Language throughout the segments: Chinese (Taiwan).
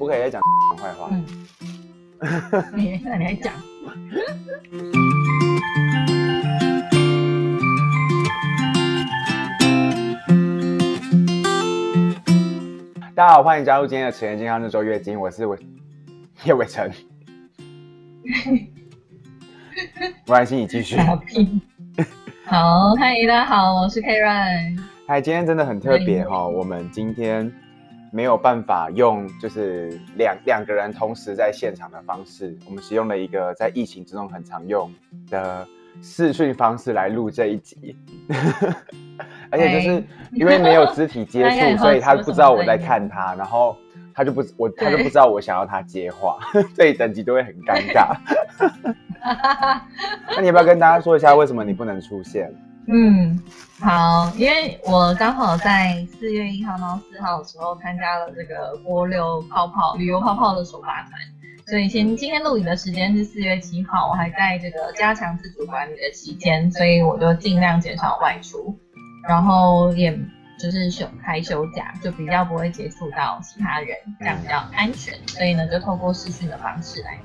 不可以再講壞話。嗯、 你哈你在還講、嗯？大家好，歡迎加入今天的《辰間健康日週月經》，我是我葉偉成。哈哈，王蘭心，你繼續 好。好，嗨，大家好，我是凱倫。嗨、哎，今天真的很特別哈、哦，我們今天。沒有辦法用，就是兩兩個人同時在現場的方式，我們使用了一個在疫情之中很常用的視訊方式來錄這一集， 而且就是因為沒有肢體接觸，hey. 所以他不知道我在看他，hey. 然後他就不，我、hey. 他就不知道我想要他接話，hey. 所以整集都會很尷尬。 那你要不要跟大家說一下為什麼你不能出現？嗯，好，因為我剛好在四月一號到四號的時候參加了這個“帛琉泡泡”旅遊泡泡的首發團，所以先今天錄影的時間是四月七號，我還在這個加強自主管理的期間，所以我就儘量減少外出，然後也就是休開休假，就比較不會接觸到其他人，這樣比較安全，嗯、所以呢，就透過視訊的方式來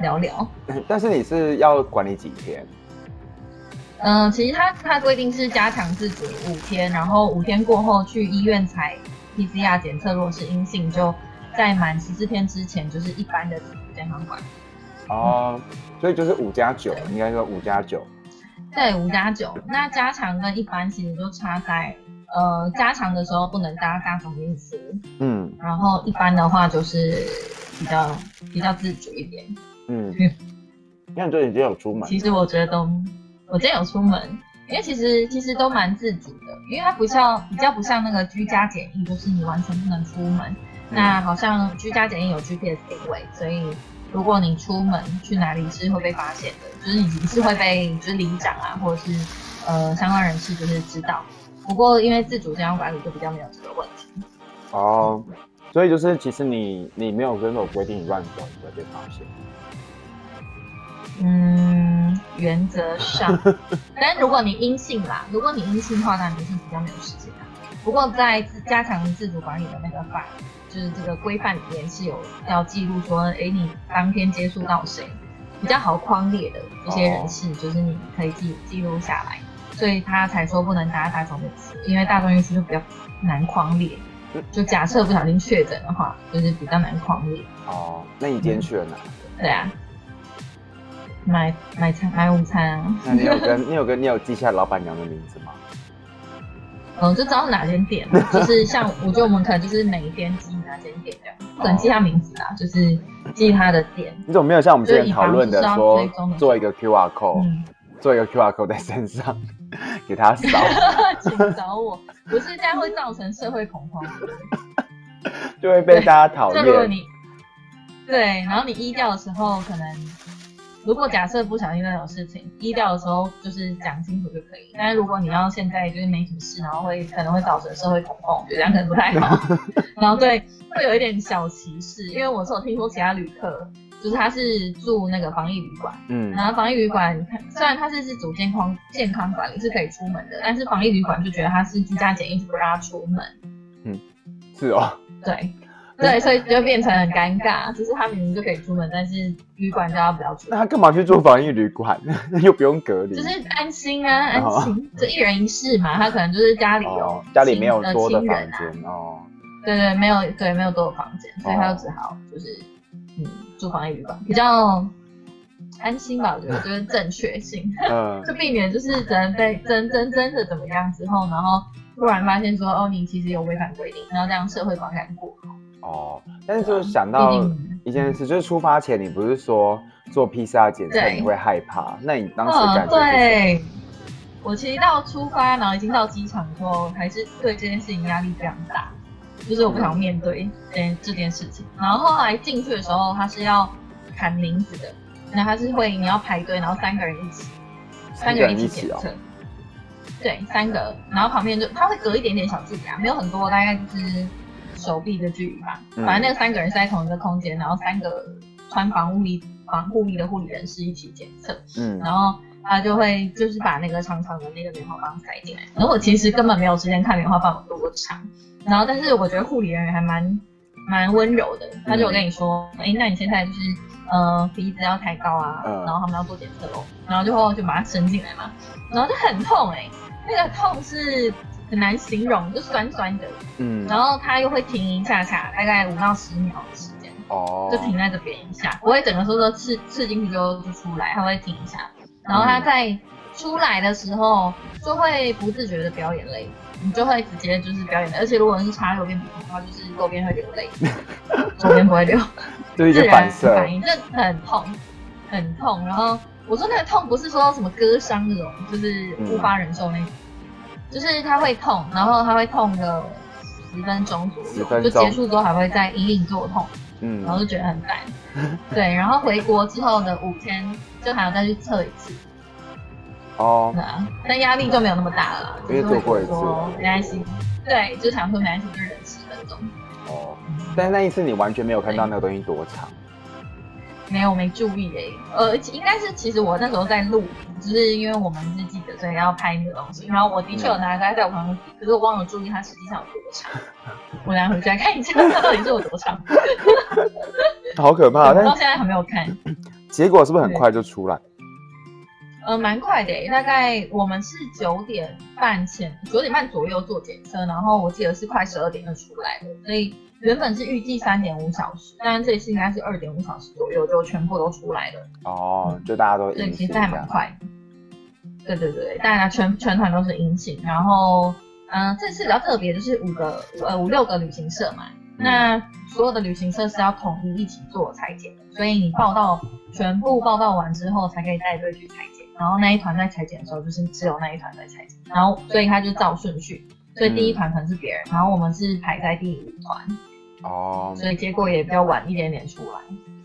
聊聊。但是你是要管理幾天？嗯、呃，其實他他規定是加強自主五天，然後五天過後去醫院採 P C R 檢測，若是陰性，就在滿十四天之前，就是一般的健康管。哦、嗯，所以就是五加九，應該說五加九。對，五加九。那加強跟一般其實就差在，呃，加強的時候不能搭大眾運輸。嗯，然後一般的話就是比較比較自主一點。嗯，像、嗯、你最近就有出門。其實我覺得都。我真有出門，因為其實其實都蠻自主的，因為它不像比較不像那個居家檢疫，就是你完全不能出門。嗯、那好像居家檢疫有 GPS 定位，所以如果你出門去哪裡是會被發現的，就是你是會被就是里長啊，或者是呃相關人士就是知道。不過因為自主健康管理就比較沒有這個問題。嗯、哦，所以就是其實你你沒有遵守規定亂走，你會被發現。嗯，原則上， 但如果你陰性啦，如果你陰性的話，那你就是比較沒有時間的、啊。不過在加強自主管理的那個法，就是這個規範裡面是有要記錄說，哎、欸，你當天接觸到誰，比較好匡列的一些人士、哦，就是你可以記記錄下來。所以他才說不能搭大眾運輸，因為大眾運輸就比較難匡列、嗯，就假設不小心確診的話，就是比較難匡列。哦，嗯、那你今天去了哪？對啊。買買餐買午餐啊！那你有跟、 你有跟、你有記下老闆娘的名字嗎？嗯，就知道哪間店、啊，就是像 我覺得我們可能就是每一天記哪間店這樣，不、哦、能記他名字啊，就是記他的店，你怎麼沒有像我們之前討論的，說，的說做一個 QR code、嗯、做一個 QR code 在身上， 給他掃燒？ 請找我，不是這樣會造成社會恐慌 就會被大家討厭。如果你對，然後你疫調的時候可能。如果假設不小心那種事情，低調的時候就是講清楚就可以。但是如果你要現在就是沒什麼事，然後會可能會造成社會恐慌，我覺得這樣可能不太好。然後對， 會有一點小歧視，因為我是有聽說其他旅客，就是他是住那個防疫旅館，嗯，然後防疫旅館，雖然他是是主健康健康管理是可以出門的，但是防疫旅館就覺得他是居家檢疫，就不讓他出門。嗯，是哦。對。對，所以就變成很尷尬，就是他明明就可以出門，但是旅館叫他不要出門。那他幹嘛去住防疫旅館？ 又不用隔離。就是安心啊，安心。這、哦、一人一室嘛，他可能就是家裡有、哦、家裡沒有多的房間哦。對對，沒有對沒有多的房間，所以他就只好就是嗯住防疫旅館，比較安心吧？我覺得就是正確性，嗯、 就避免就是可能被真真真的怎麼樣之後，然後突然發現說哦，你其實有違反規定，然後這樣社會反感過哦，但是就是想到一件事、嗯一，就是出發前你不是說做 PCR 檢測你會害怕？那你當時感覺、嗯、對我其實到出發，然後已經到機場後，還是對這件事情壓力非常大，就是我不想面對這、嗯欸、這件事情。然後後來進去的時候，他是要喊名字的，那他是會你要排隊，然後三個人一起，三個人一起檢測、哦。對，三個，然後旁邊就他會隔一點點小距離啊，沒有很多，大概就是。手臂的距離吧，反正那三個人是在同一個空間，然後三個穿防護衣、防護衣的護理人士一起檢測，嗯，然後他就會就是把那個長長的那個棉花棒塞進來。然後我其實根本沒有時間看棉花棒有多長，然後但是我覺得護理人員還蠻蠻溫柔的，他就跟你說，哎、欸，那你現在就是呃鼻子要抬高啊，然後他們要做檢測咯。然後最後就把它伸進來嘛，然後就很痛哎、欸，那個痛是，很難形容，就酸酸的，嗯，然後它又會停一下下，大概五到十秒的時間，哦，就停在這邊一下，不會整個說說刺刺進去就就出來，它會停一下，然後它在出來的時候就會不自覺的飆眼淚，你就會直接就是飆眼淚，而且如果是插右邊鼻孔的話，就是右邊會流淚， 左邊不會流，對， 自然反應，就很痛，很痛，然後我說那個痛不是說到什麼割傷那種，就是無法忍受那種。嗯就是他會痛，然後他會痛個十分鐘左右，就結束之後還會再隱隱作痛，嗯，然後就覺得很煩。 對，然後回國之後的五天就還要再去測一次。哦，那、啊。但壓力就沒有那麼大了，嗯、因為做過一次，沒關係。對，就想說沒關係就忍十分鐘。哦，嗯、但是那一次你完全沒有看到那個東西多長？沒有，沒注意誒、欸。呃，應該是其實我那時候在錄，只、就是因為我們是記者，所以要拍那個東西。然後我的確有拿著在我旁邊、嗯，可是我忘了注意它實際上有多長。 我拿回家看一下，它到底是有多長。 好可怕！到、嗯、現在還沒有看。結果是不是很快就出來？呃，蠻快的、欸、大概我們是九點半前，九點半左右做檢測，然後我記得是快十二點就出來，所以。原本是預計三點五小時，但是這一次應該是二點五小時左右就全部都出來了。哦、oh, 嗯，就大家都陰性，這對，其實還蠻快。對對對，大家全全團都是陰性。然後，嗯、呃，這次比較特別就是五個呃五六個旅行社嘛，mm -hmm. 那所有的旅行社是要統一一起做裁剪，所以你報到全部報到完之後才可以帶隊去裁剪。然後那一團在裁剪的時候，就是只有那一團在裁剪，然後所以他就照順序，所以第一團可能是別人，mm -hmm. 然後我們是排在第五團。哦、oh,，所以結果也比較晚一點點出來，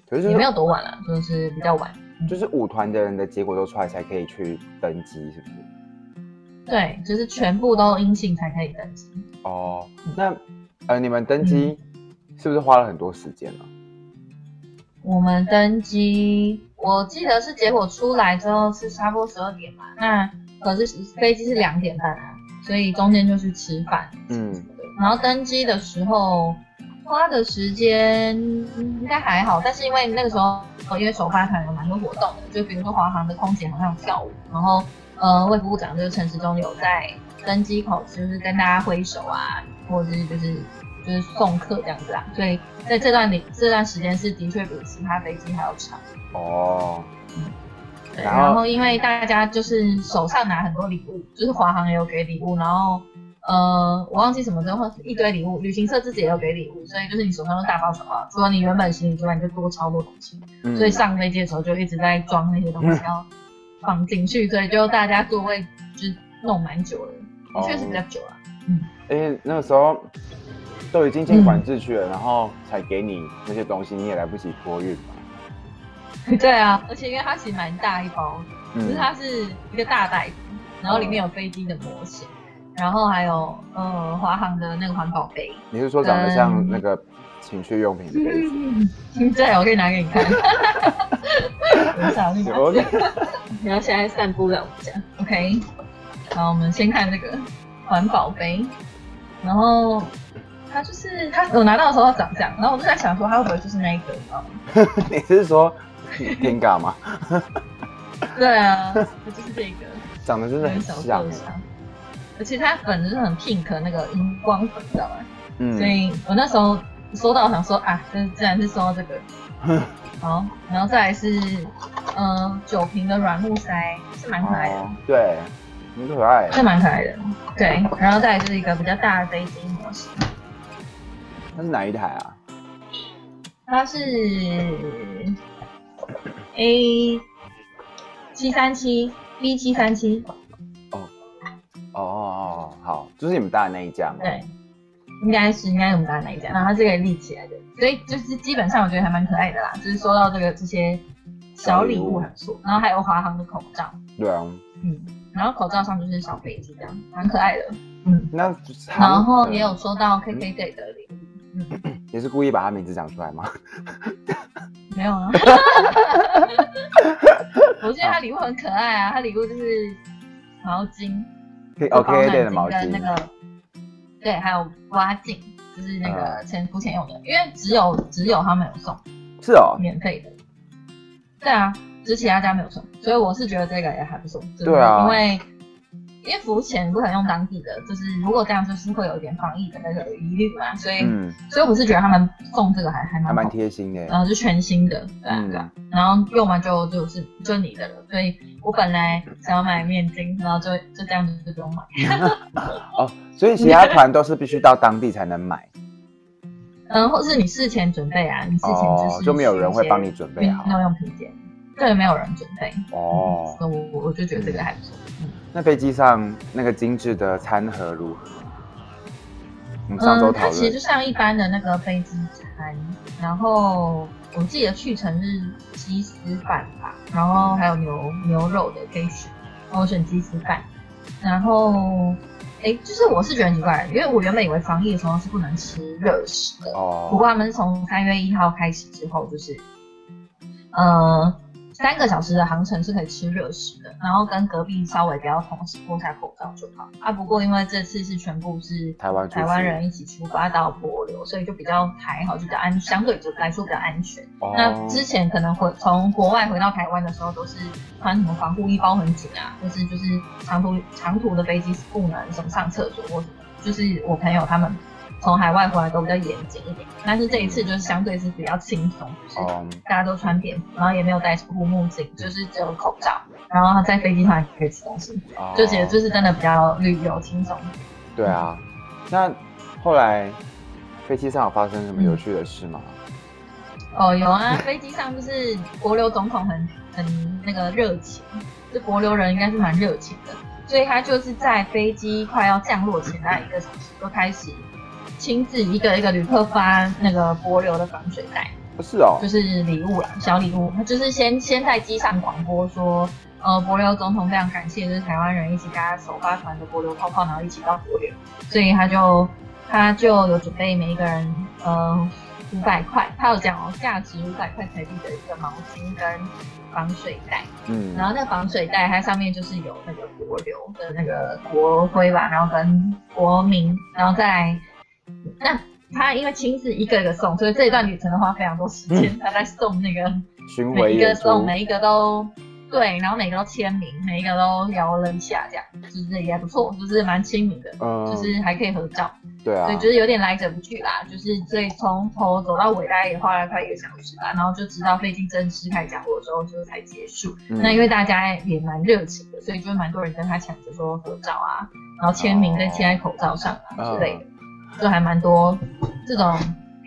就是就是，也沒有多晚了，啊，就是比較晚。就是舞團的人的結果都出來才可以去登機，是不是？對，就是全部都陰性才可以登機。哦、oh,，那呃，你們登機是不是花了很多時間啊？我們登機，我記得是結果出來之後是差不多十二點嘛。那可是飛機是兩點半，啊，所以中間就是吃飯，嗯，然後登機的時候。花的時間應該還好，但是因為那個時候，呃，因為首發團有蠻多活動的，就比如說華航的空姐好像跳舞，然後呃，衛福部長，就是陳時中有在登機口，就是跟大家揮手啊，或者是就是就是送客這樣子啊，所以在這段裡這段時間是的確比其他飛機還要長哦。Oh. 嗯對，然後因為大家就是手上拿很多禮物，就是華航也有給禮物，然後。呃，我忘記什麼之後一堆禮物，旅行社自己也有給禮物，所以就是你手上都大包小包，除了你原本行李之外，你就多超多東西，嗯、所以上飛機的時候就一直在裝那些東西要放進去、嗯，所以就大家座位就弄蠻久了，確、哦、實比較久了、啊。嗯，因、欸、為那個時候都已經進管制區了、嗯，然後才給你那些東西，你也來不及托運、嗯。對啊，而且因為它其實蠻大一包，就、嗯、是它是一個大袋子，然後裡面有飛機的模型。嗯然後還有，呃，華航的那個環保杯，你是說長得像那個情趣用品的杯子，嗯嗯。對，我可以拿給你看。 下 okay. 你要現在散步了，這樣 OK。好，我們先看這個環保杯，然後他就是他我拿到的時候要長這樣，然後我就在想說他會不會就是那一個 你是說天狗嗎？ 對啊， 就是這個，長得真的很像。而且它粉就是很 pink 那個熒光粉，你知道嗎？嗯、所以我那時候收到我想說啊，這竟然是收到這個， 好，然後再來是，嗯、呃，酒瓶的軟木塞是蠻可愛的，哦、對，蠻可愛，是蠻可愛的，對，然後再來就是一個比較大的飛機模型，它是哪一台啊？它是 A 七三七 B 七三七。哦、好，就是你們大的那一家嗎？對，應該是應該你們大的那一家。然後它是可以立起來的，所以就是基本上我覺得還蠻可愛的啦。就是收到這個這些小禮物很不錯，然後還有華航的口罩。對啊，嗯，然後口罩上就是小飛機這樣，蠻可愛的。嗯，那然後也有收到 KK 給的禮物。你、嗯嗯、是故意把他名字講出來嗎？沒有啊， 我覺得他禮物很可愛啊，他禮物就是毛巾。OK，okay 寶寶、那個、對的毛巾，對，還有刮鏡，就是那個前敷前用的、嗯，因為只有只有他們有送，是哦，免費的，對啊，只是其他家沒有送，所以我是覺得這個也還不錯，對啊，因為。因為浮潛不能用當地的，就是如果這樣，就是會有一點防疫的那個疑慮嘛，所以、嗯，所以我是覺得他們送這個還還蠻，貼心的，然後就全新的，對啊，嗯、然後用完就就是就你的了，所以我本來想要買面巾，然後就就這樣子就不用買。 哦，所以其他團都是必須到當地才能買？ 嗯，或是你事前準備啊，你事前就是前就沒有人會幫你準備好沒有用品鑑對，沒有人準備，哦，我、嗯、我就覺得這個還不錯，嗯。嗯那飛機上那個精緻的餐盒如何？我們上週討論、嗯、它其實就像一般的那個飛機餐，然後我記得去程是雞絲飯吧，然後還有牛牛肉的可以選，我選雞絲飯。然後，哎、欸，就是我是覺得奇怪，因為我原本以為防疫的時候是不能吃熱食的、哦，不過他們從三月一號開始之後就是，嗯。三個小時的航程是可以吃熱食的，然後跟隔壁稍微不要同時脫下口罩就好啊。不過因為這次是全部是台灣台灣人一起出發到帛琉，所以就比較還好，就比較安，相對就來說比較安全。Oh. 那之前可能回從國外回到台灣的時候，都是穿什麼防護衣，包很緊啊，就是就是長途長途的飛機是不能什麼上廁所或什麼，就是我朋友他們。從海外回來都比較嚴謹一點，但是這一次就是相對是比較輕鬆，oh. 大家都穿便服，然後也沒有戴護目鏡，就是只有口罩，然後在飛機上也可以吃東西，oh. 就覺得就是真的比較旅遊輕鬆。對啊，那後來飛機上有發生什麼有趣的事嗎？嗯、哦，有啊，飛機上就是帛琉總統很很那個熱情，這 帛琉人應該是蠻熱情的，所以他就是在飛機快要降落前那一個小時就開始。親自一個一個旅客發那個帛琉的防水袋，不是哦，就是禮物啦、啊，小禮物，他就是先先在機上廣播說，呃，帛琉總統非常感謝，就是台灣人一起跟他首發團的帛琉泡，泡泡，然後一起到帛琉，所以他就他就有準備每一個人，呃，五百塊，他有講、哦、價值五百塊台幣，幣的一個毛巾跟防水袋，嗯，然後那個防水袋它上面就是有那個帛琉的那個國徽吧，然後跟國民，然後再來。那他因為親自一個一個送，所以這一段旅程花非常多時間、嗯。他在送那個，每一個送每一個都對，然後每個都簽名，每一個都聊了一下，這樣就是也還不錯，就是蠻親民的、嗯，就是還可以合照。對啊，所以就是有點來者不拒啦。就是所以從頭走到尾，大概也花了快一個小時吧。然後就直到費勁正式開講過的時候，就是、才結束、嗯。那因為大家也蠻熱情的，所以就蠻多人跟他搶着說合照啊，然後簽名跟簽在口罩上啊之類的。嗯就還蠻多這種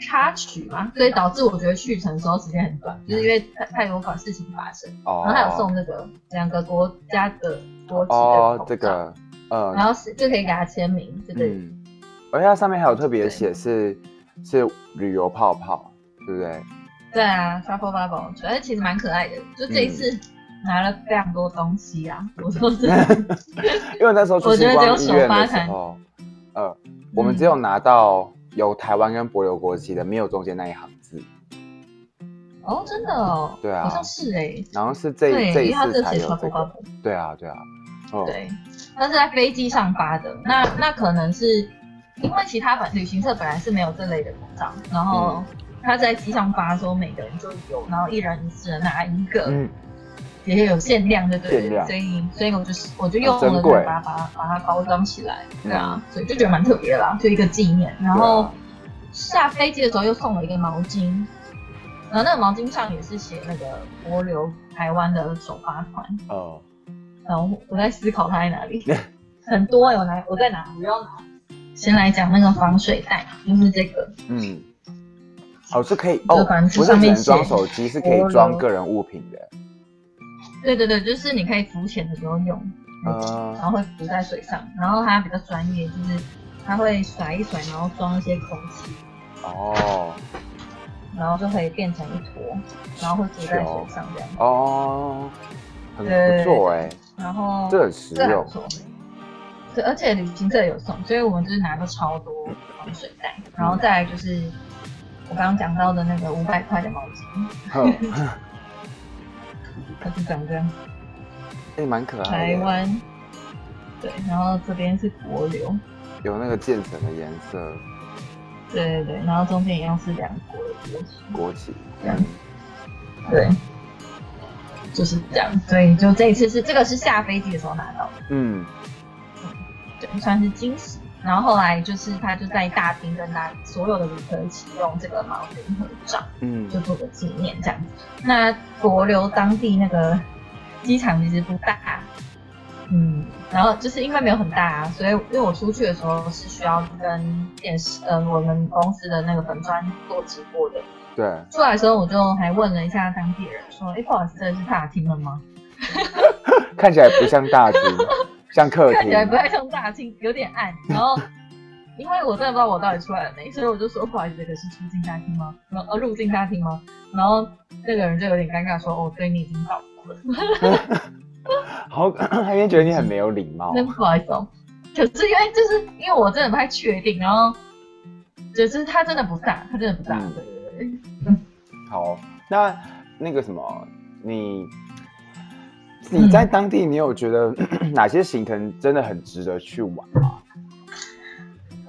插曲嘛，所以導致我覺得去程的時候時間很短、嗯，就是因為太太多款事情發生、哦。然後他有送這、那個兩個國家的國旗哦，這個，呃。然後是就可以給他簽名，對不對？嗯、而且它上面還有特別的寫是是，是旅遊泡泡，對不對？對啊，travel bubble，而且其實蠻可愛的。就這一次拿了非常多東西啊，嗯、我說是，是 因為那時候得只有手的時候。呃，我們只有拿到有台灣跟帛琉國旗的，沒有中間那一行字，嗯。哦，真的哦？對啊，好像是哎、欸。然後是這一行字。寫對、這個這個、對啊，對啊。哦、對，那是在飛機上發的。那那可能是因為其他本旅行社本來是沒有這類的口罩，然後他在機上發說每個人就有，然後一人一次拿一個。嗯也有限量對，對不對？所以所以我就是我就用了個把、哦，把它把它包裝起來，對啊，所以就覺得蠻特別啦，就一個紀念、嗯。然後、啊、下飛機的時候又送了一個毛巾，然後那個毛巾上也是寫那個帛琉台灣的首發團哦。然後我在思考它在哪裡， 很多有、欸、拿，我在拿，我要拿。先來講那個防水袋，就是這個，嗯，哦是可以哦，不是上面裝手機，是可以裝、哦、個人物品的。對對對，就是你可以浮潛的時候用，然後會浮在水上，呃、然後它比較專業，就是它會甩一甩，然後裝一些空氣，哦，然後就可以變成一坨，然後會浮在水上這樣哦對，哦，很不錯、欸，然後這很實用很，對，而且旅行社有送，所以我們就是拿個超多防水袋，然後再來，就是我剛剛講到的那個五百塊的毛巾。呵呵 它是長這樣，誒、欸，蠻可愛的。台灣，對，然後這邊是帛琉，有那個漸層的顏色。對對對，然後中間一樣是兩國的國旗，國旗這樣、嗯、對，okay. 就是這樣。對，就這一次是這個是下飛機的時候拿到的，嗯，對，算是驚喜。然後後來就是他就在大廳跟他所有的旅客一起用這個毛領合照，嗯，就做個紀念這樣子。那帛琉當地那個機場其實不大，嗯，然後就是因為沒有很大、啊，所以因為我出去的時候是需要跟電視，嗯、呃，我們公司的那個粉專做直播的，對，出來的時候我就還問了一下當地人說，哎，不好意思，這是大廳嗎？ 看起來不像大廳。 像客人，看起來不太像大廳，有點暗。然後， 因為我真的不知道我到底出來了沒，所以我就說不好意思，可、這個、是出境大廳嗎？哦，入境大廳嗎？然後那、這個人就有點尷尬，說：“我、 哦、對你已經到了。 ”好，他應該覺得你很沒有禮貌。那、嗯、不好意思、喔，哦，可是因為就是因為我真的不太確定，然後就是他真的不大，他真的不大、嗯。對對對。嗯、好，那那個什麼你。你在當地，你有覺得、嗯、哪些行程真的很值得去玩嗎？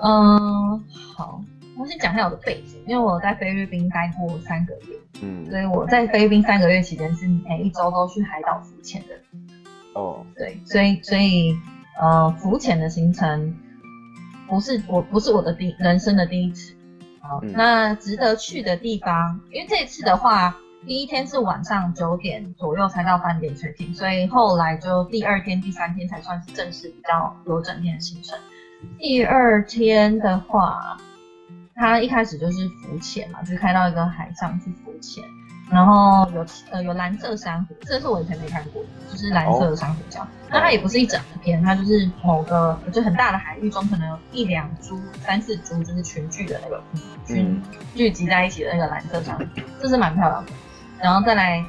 嗯，好，我先講一下我的背景，因為我在菲律賓待過三個月，嗯，所以我在菲律賓三個月期間是每一周都去海島浮潛的。哦，對，所以所以呃，浮潛的行程不是我不是我的第人生的第一次好，嗯、那值得去的地方，因為這次的話。第一天是晚上九點左右才到班點水定，所以後來就第二天、第三天才算是正式比較有整天的行程。第二天的話，它一開始就是浮潛嘛，就是開到一個海上去浮潛，然後有呃有藍色珊瑚，這是我以前沒看過，就是藍色的珊瑚礁。那、哦、它也不是一整片，它就是某個就很大的海域中可能有一兩株、三四株，就是群聚的那個聚聚集在一起的那個藍色珊瑚，這是蠻漂亮的。然後再來，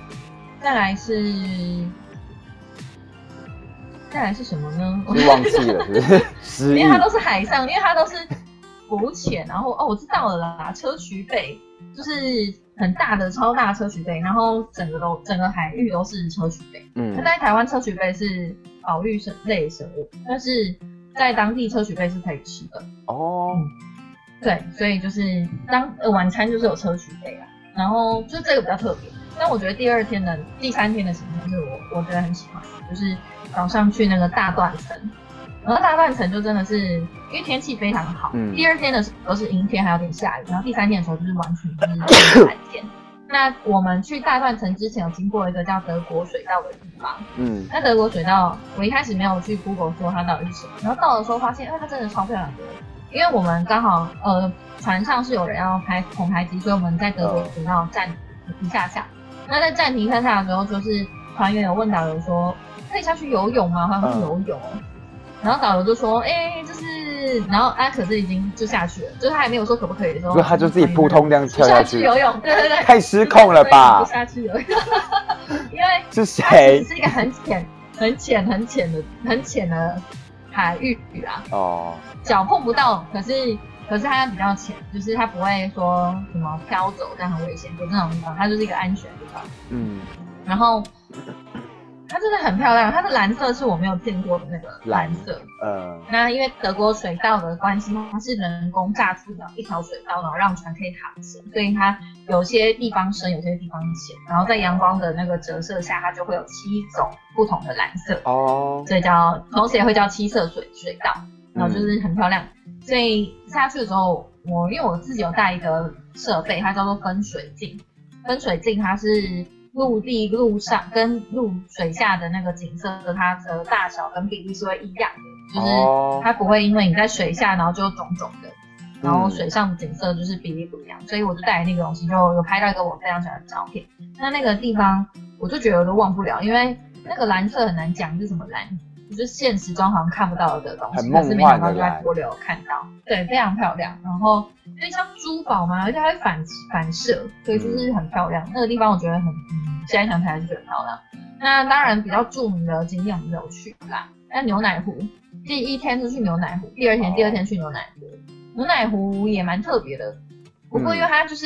再來是，再來是什麼呢？忘記了， 因為它都是海上，因為它都是浮潛， 然後哦，我知道了啦，硨磲貝，就是很大的、超大的硨磲貝，然後整個都整個海域都是硨磲貝。嗯。它在台灣，硨磲貝是保育類生物，但、就是在當地硨磲貝是可以吃的。哦。嗯、對，所以就是當晚餐就是有硨磲貝啊，然後就這個比較特別。那我覺得第二天的、第三天的行程是我，我覺得很喜歡，就是早上去那個大斷層，然後大斷層就真的是因為天氣非常好。嗯。第二天的時候是陰天，還有點下雨，然後第三天的時候就是完全就是晴天，呃。那我們去大斷層之前，有經過一個叫德國水道的地方。嗯。那德國水道，我一開始沒有去 Google 說它到底是什麼，然後到的時候發現，哎、呃，它真的超漂亮。因為我們剛好呃，船上是有人要拍空拍機，所以我們在德國水道站一下下。那在暫停看攝的時候，就是團員有問導遊說：“可以下去游泳嗎？”他游去游泳。嗯”然後導遊就說：“哎、欸，這是……然後阿、啊、可是已經就下去了，就是他還沒有說可不可以的時候，說他就自己撲通這樣跳下去,了下去游泳，對對對，太失控了吧？不下去游泳， 因為是一個很淺、很淺、很淺的、很淺的海域啊。哦，腳碰不到，可是。”可是它比較淺，就是它不會說什麼飄走，但很危險。就這種地方，它就是一個安全的地方。嗯。然後它真的很漂亮，它的藍色是我沒有見過的那個藍色。藍呃。那因為德國水道的關係，它是人工炸出的一條水道，然後讓船可以航行。所以它有些地方深，有些地方淺。然後在陽光的那個折射下，它就會有七種不同的藍色。哦。所以叫，同時也會叫七色水水道。然後就是很漂亮。嗯所以下去的時候，我因為我自己有帶一個設備，它叫做分水鏡。分水鏡它是陸地陸上跟陸水下的那個景色，它的大小跟比例是會一樣的，就是它不會因為你在水下，然後就腫腫的，然後水上的景色就是比例不一樣。所以我就帶那個東西，就有拍到一個我非常喜歡的照片。那那個地方，我就覺得我都忘不了，因為那個藍色很難講是什麼藍。就是現實中好像看不到的東西，但是沒想到就在帛琉看到，對，非常漂亮。然後因為像珠寶嘛，而且還會反反射，所以就是很漂亮，嗯。那個地方我覺得很，現在想起來還很漂亮。那當然比較著名的景點我們沒有去啦，那牛奶湖。第一天是去牛奶湖，第二天、哦、第二天去牛奶湖，牛奶湖也蠻特別的。不、嗯、過，因為它就是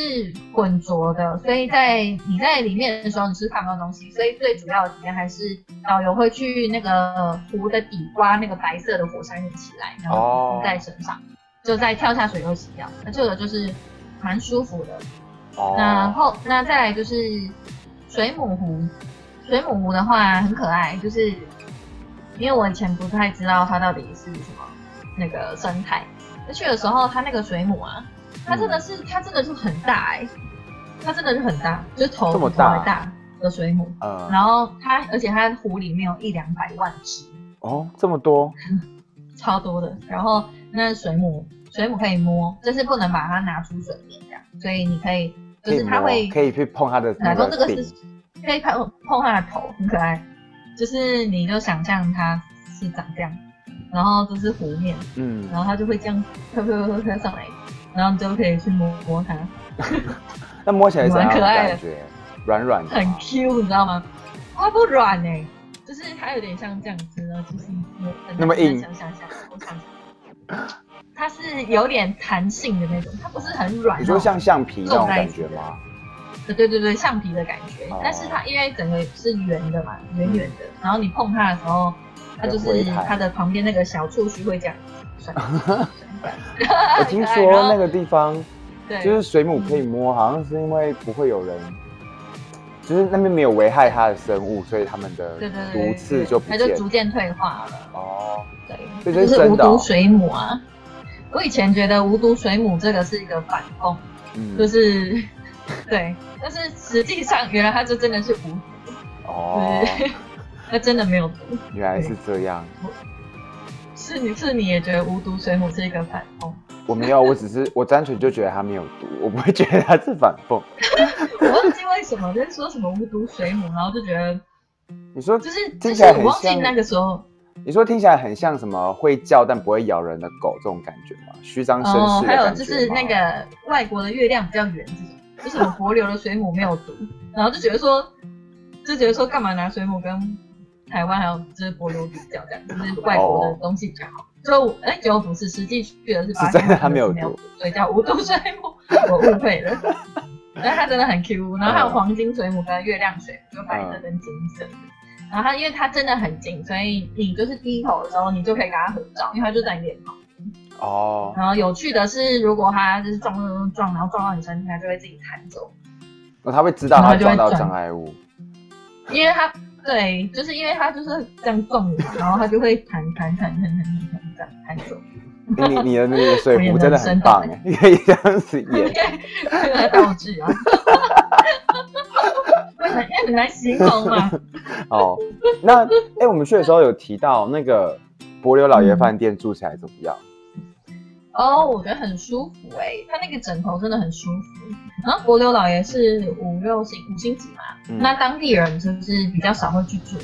滾濁的，所以在你在裡面的時候你是看不到東西，所以最主要的體驗還是導遊會去那個湖的底刮那個白色的火山泥起來，然後敷在身上、哦，就再跳下水又洗掉，那這個就是蠻舒服的。那、哦、後那再來就是水母湖，水母湖的話很可愛，就是因為我以前不太知道它到底是什麼那個生態，那去的時候它那個水母啊。它真的是、嗯，它真的是很大哎、欸，它真的是很大，就是、頭這麼大、啊、頭大的水母、呃，然後它，而且它湖裡面有一兩百萬隻哦，這麼多，超多的。然後那水母，水母可以摸，就是不能把它拿出水面這樣，所以你可以就是它會可以去碰它的，奶都這個是可以碰碰它的頭，很可愛，就是你就想象它是長這樣，然後這是湖面，嗯，然後它就會這樣飄飄飄飄上來。然後就可以去摸摸它， 那摸起來什麼感覺？軟軟的，軟軟的很 Q，你知道嗎？它不軟呢，就是它有點像這樣子，然後就是摸那麼硬。想想想,想，想,想，它是有點彈性的那種，它不是很軟、啊。你說像橡皮那種感覺,感覺嗎？對,對對對，橡皮的感覺。哦、但是它因為整個是圓的嘛，圓圓的、嗯，然後你碰它的時候，它就是它的旁邊那個小觸須會這樣。 我 聽說那個地方，對，就是水母可以摸，好像是因為不會有人，嗯、就是那邊沒有危害它的生物，所以它們的毒刺就不，對對對，它就逐漸退化了。哦，對，就是無毒水母啊、哦。我以前覺得無毒水母這個是一個反諷，嗯，就是對，但是實際上原來它就真的是無毒。哦，它真的沒有毒。原來是這樣。是你是你也覺得無毒水母是一個反諷？我沒有，我只是我單純就覺得它沒有毒，我不會覺得它是反諷。 我忘記為什麼就是說什麼無毒水母，然後就覺得你說就是聽起來很像那個時候，你說聽起來很像什麼會叫但不會咬人的狗這種感覺嗎？虛張聲勢。哦，還有就是那個外國的月亮比較圓這種，就是帛琉的水母沒有毒， 然後就覺得說就覺得說幹嘛拿水母跟。台灣還有就是帛琉比較，就是外國的東西比較好。所以哎，九、欸、府是實際去的是八仙，真的還沒有。對、就是，叫 無毒水母，我誤會了。那 它真的很 Q，然後還有黃金水母跟月亮水母，oh. 就白色跟金色、oh. 然後它因為它真的很近，所以你就是低頭的時候，你就可以跟它合照，因為它就在你臉旁邊。哦、oh.。然後有趣的是，如果它就是撞撞撞撞，然後撞到你身體，它就會自己彈走。那、哦、它會知道它撞到障礙物他？因為它。 對，就是因為他就是這樣撞嘛、啊，然後他就會彈彈彈彈彈彈彈走。你你的那個水壺真的很棒，可以這樣子演，這個道具啊。哈哈哈哈哈！因為很難形容嘛。 哦，那哎，欸、我們去的時候有提到那個帛琉老爺飯店住起來怎麼樣？ 嗯 哦、oh,，我覺得很舒服誒、欸，他那個枕頭真的很舒服。然、啊、後國流帛琉老爺是五六星五星級嘛、嗯，那當地人就是比較少會去住，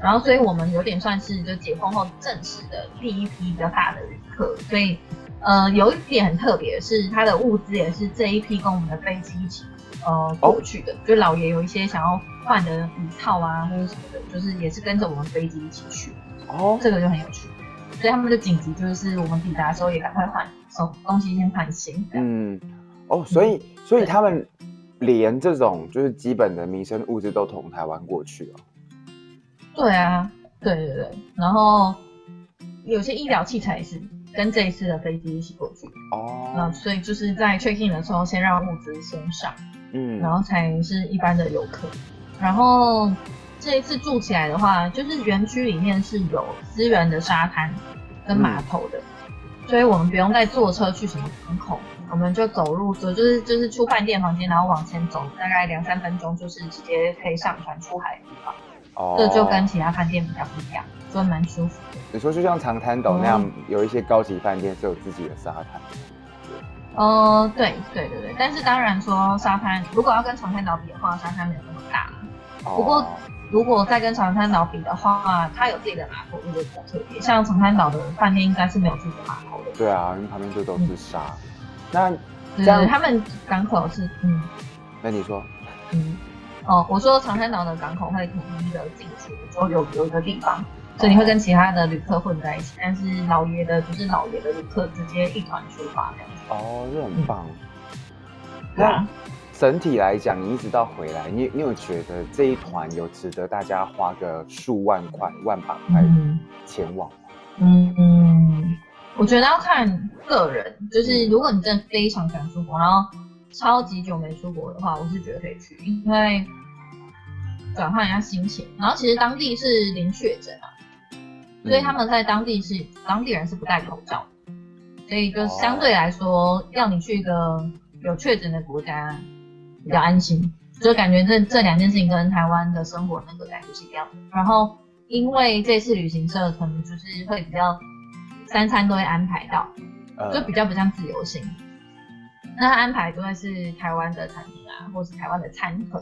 然後所以我們有點算是就解封後正式的第一批比較大的旅客，所以呃有一點很特別，是他的物資也是這一批跟我們的飛機一起呃過去的，就老爺有一些想要換的一套啊或者什麼的，就是也是跟着我們飛機一起去，哦、oh.，這個就很有趣。所以他們的緊急就是我們抵達的時候也趕快換手東西先換行，嗯，哦，所以、嗯、所以他們連這種就是基本的民生物資都從台灣過去了，哦。對啊，對對對，然後有些醫療器材是跟這一次的飛機一起過去哦，那、嗯、所以就是在 check in 的時候先讓物資先上，嗯，然後才是一般的遊客，然後這一次住起來的話，就是園區裡面是有資源的沙灘。跟碼頭的、嗯，所以我們不用再坐車去什麼港口，我們就走路走，就是就是出飯店房間，然後往前走大概兩三分鐘，就是直接可以上船出海的地方。哦，這就跟其他飯店比較不一樣，就蠻舒服的。你說就像長灘島那樣、嗯，有一些高級飯店是有自己的沙灘。哦對、呃、對，對對對，但是當然說沙灘，如果要跟長灘島比的話，沙灘沒有那麼大。哦、不過。如果再跟長山島比的話，它有自己的碼頭，就比較特別。像長山島的飯店應該是沒有自己的碼頭的。對啊，因為旁邊就都是沙、嗯。那這、啊、他們港口是嗯？那、欸、你說？嗯，哦，我說長山島的港口會統一的進出，之後有有一個地方，所以你會跟其他的旅客混在一起。但是老爺的就是老爺的旅客直接一團出發這樣子。哦，這很棒。嗯那整體來講，你一直到回來，你你有覺得這一團有值得大家花個數萬塊、萬把塊前往嗎、嗯？嗯，我覺得要看個人，就是如果你真的非常想出國，然後超級久沒出國的話，我是覺得可以去，因為轉換一下心情。然後其實當地是零確診啊，所以他們在當地是、嗯、當地人是不戴口罩，所以就相對來說、哦，要你去一個有確診的國家。比較安心，就感覺這這兩件事情跟台灣的生活那個感覺是一樣的。然後因為這次旅行社可能就是會比較三餐都會安排到，嗯、就比較不像自由行，那他安排就會是台灣的餐廳啊，或是台灣的餐盒、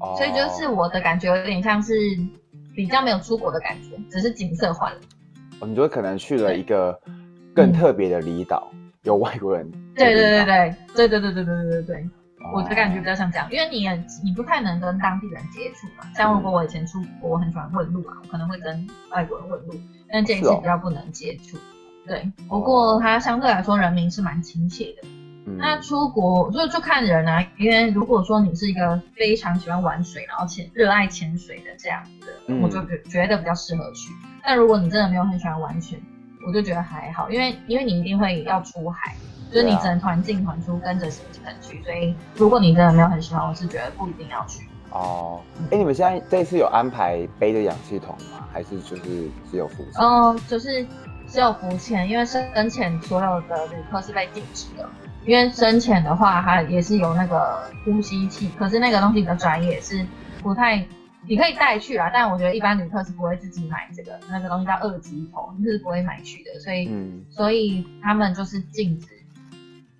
哦，所以就是我的感覺有點像是比較沒有出國的感覺，只是景色換了、哦。你覺得可能去了一個更特別的離島、嗯，有外國人？對對對對對對對對對對對。我的感覺比較像這樣，因為你你不太能跟當地人接觸嘛。像如果我以前出國，我很喜歡問路啊，我可能會跟外國人問路，但這一次比較不能接觸、哦。對，不過他相對來說人民是蠻親切的、嗯。那出國就就看人啊，因為如果說你是一個非常喜歡玩水，然後且熱愛潛水的這樣子的，嗯、我就覺覺得比較適合去。但如果你真的沒有很喜歡玩水。我就覺得還好，因為因為你一定會要出海，就是你只能團進團出，跟着行程去、啊，所以如果你真的沒有很喜歡，我是覺得不一定要去哦。哎、欸，你們現在這次有安排背着氧氣筒嗎？還是就是只有浮潛？嗯、哦，就是只有浮潛，因為深潛所有的旅客是被禁止的，因為深潛的話，它也是有那個呼吸器，可是那個東西的的專業是不太。你可以帶去啦，但我覺得一般旅客是不會自己買這個那個東西叫二級頭，就是不會買去的，所以、嗯、所以他們就是禁止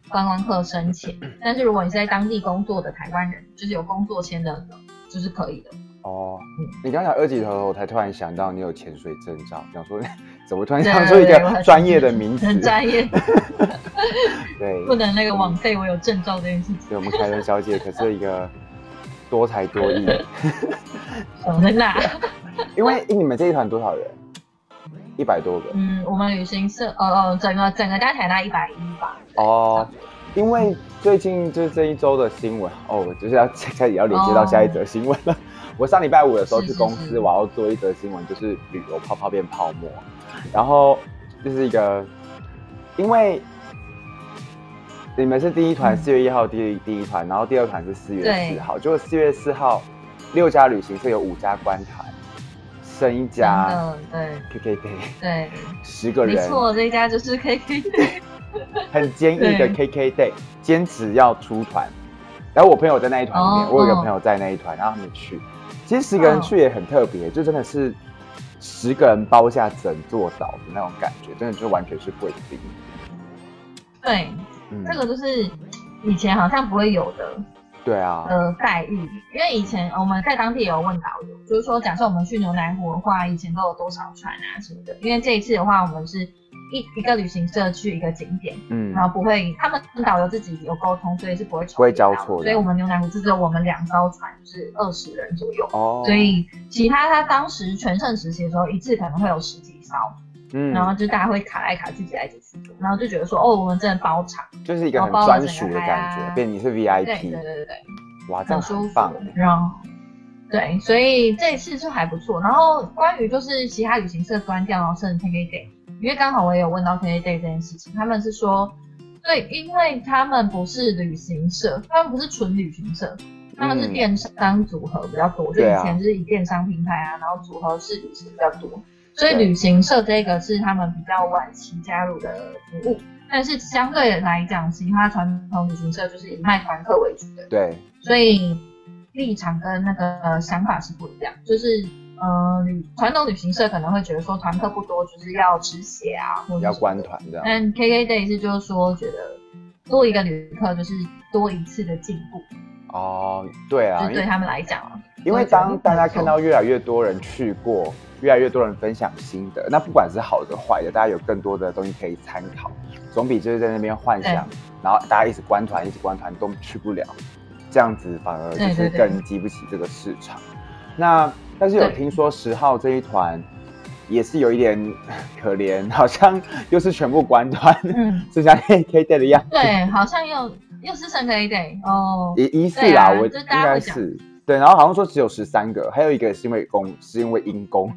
觀光客深潛。但是如果你是在當地工作的台灣人，就是有工作簽的，就是可以的。哦，嗯、你剛才講二級頭，我才突然想到你有潛水證照，想說怎麼突然想出一個專業的名詞，很專業。 對，不能那個枉費我有證照這件事情。對，我們凱倫小姐可是一個。多才多藝，小娜，因為你們這一團多少人？一百多個。 嗯，我們旅行社，哦哦，整個整個加起來，一百一吧。哦，因為最近就是這一周的新聞，哦，就是要開始要連接到下一則新聞了。哦、 我上禮拜五的時候去公司，我要做一則新聞，就是旅遊泡泡變泡沫，然後就是一個因為。你們是第一團，四、okay. 月一號第一第一團，然後第二團是四月四號。就四月四號，六家旅行社有五家觀團，生一家。嗯，對。K K Day。對。十個人。沒錯，這一家就是 K K Day。 很堅毅的 K K Day，堅持要出團。然後我朋友在那一團裡面，oh, 我有一個朋友在那一團，然後他們去。其實十個人去也很特別，oh. 就真的是十個人包下整座島的那種感覺，真的就完全是貴賓。對。嗯、這個就是以前好像不會有的，對啊，呃，待遇，因為以前我們在當地也有問導遊，就是說假設我們去牛奶湖的話，以前都有多少船啊什麼的。因為這一次的話，我們是一一個旅行社去一個景點，嗯，然後不會，他們跟導遊自己有溝通，所以是不會錯，不會交錯。所以我們牛奶湖就只有我們兩艘船，就是二十人左右。哦，所以其他他當時全盛時期的時候，一次可能會有十幾艘。嗯，然後就大家會卡來卡去，擠來擠去，然後就覺得說，哦，我們真的包場，就是一個很專屬的感覺，變你是 VIP，對對對,對哇這樣很，很舒服，然後，對，所以這一次就還不錯。然後關於就是其他旅行社關掉，然後剩至 KKday 因為剛好我也有問到 KKday 這件事情，他們是說，對，因為他們不是旅行社，他們不是純旅行社，他們是電商組合比較多、嗯，就以前就是以電商平台啊，然後組合式旅行比較多。所以旅行社這個是他們比較晚期加入的服務，但是相對來講，其他傳統旅行社就是以賣團客為主的。對，所以立場跟那個想法是不一樣。就是呃傳統旅行社可能會覺得說團客不多，就是要止血啊或者，要關團這樣。但 KK Day 是就是說覺得多一個旅客就是多一次的進步。哦，對啊，就對他們來講，因為當大家看到越來越多人去過。越來越多人分享心得，那不管是好的壞的，大家有更多的東西可以參考，總比就是在那邊幻想，然後大家一直關團一直關團都去不了，這樣子反而就是更激不起這個市場。對對對，那但是有聽說十號這一團也是有一點可憐，好像又是全部關團，就、嗯、 像 K 隊的樣子。對，好像又又是剩 K 隊哦，一四啊，我應該是對，然後好像說只有十三個，還有一個是因為公是因為因公。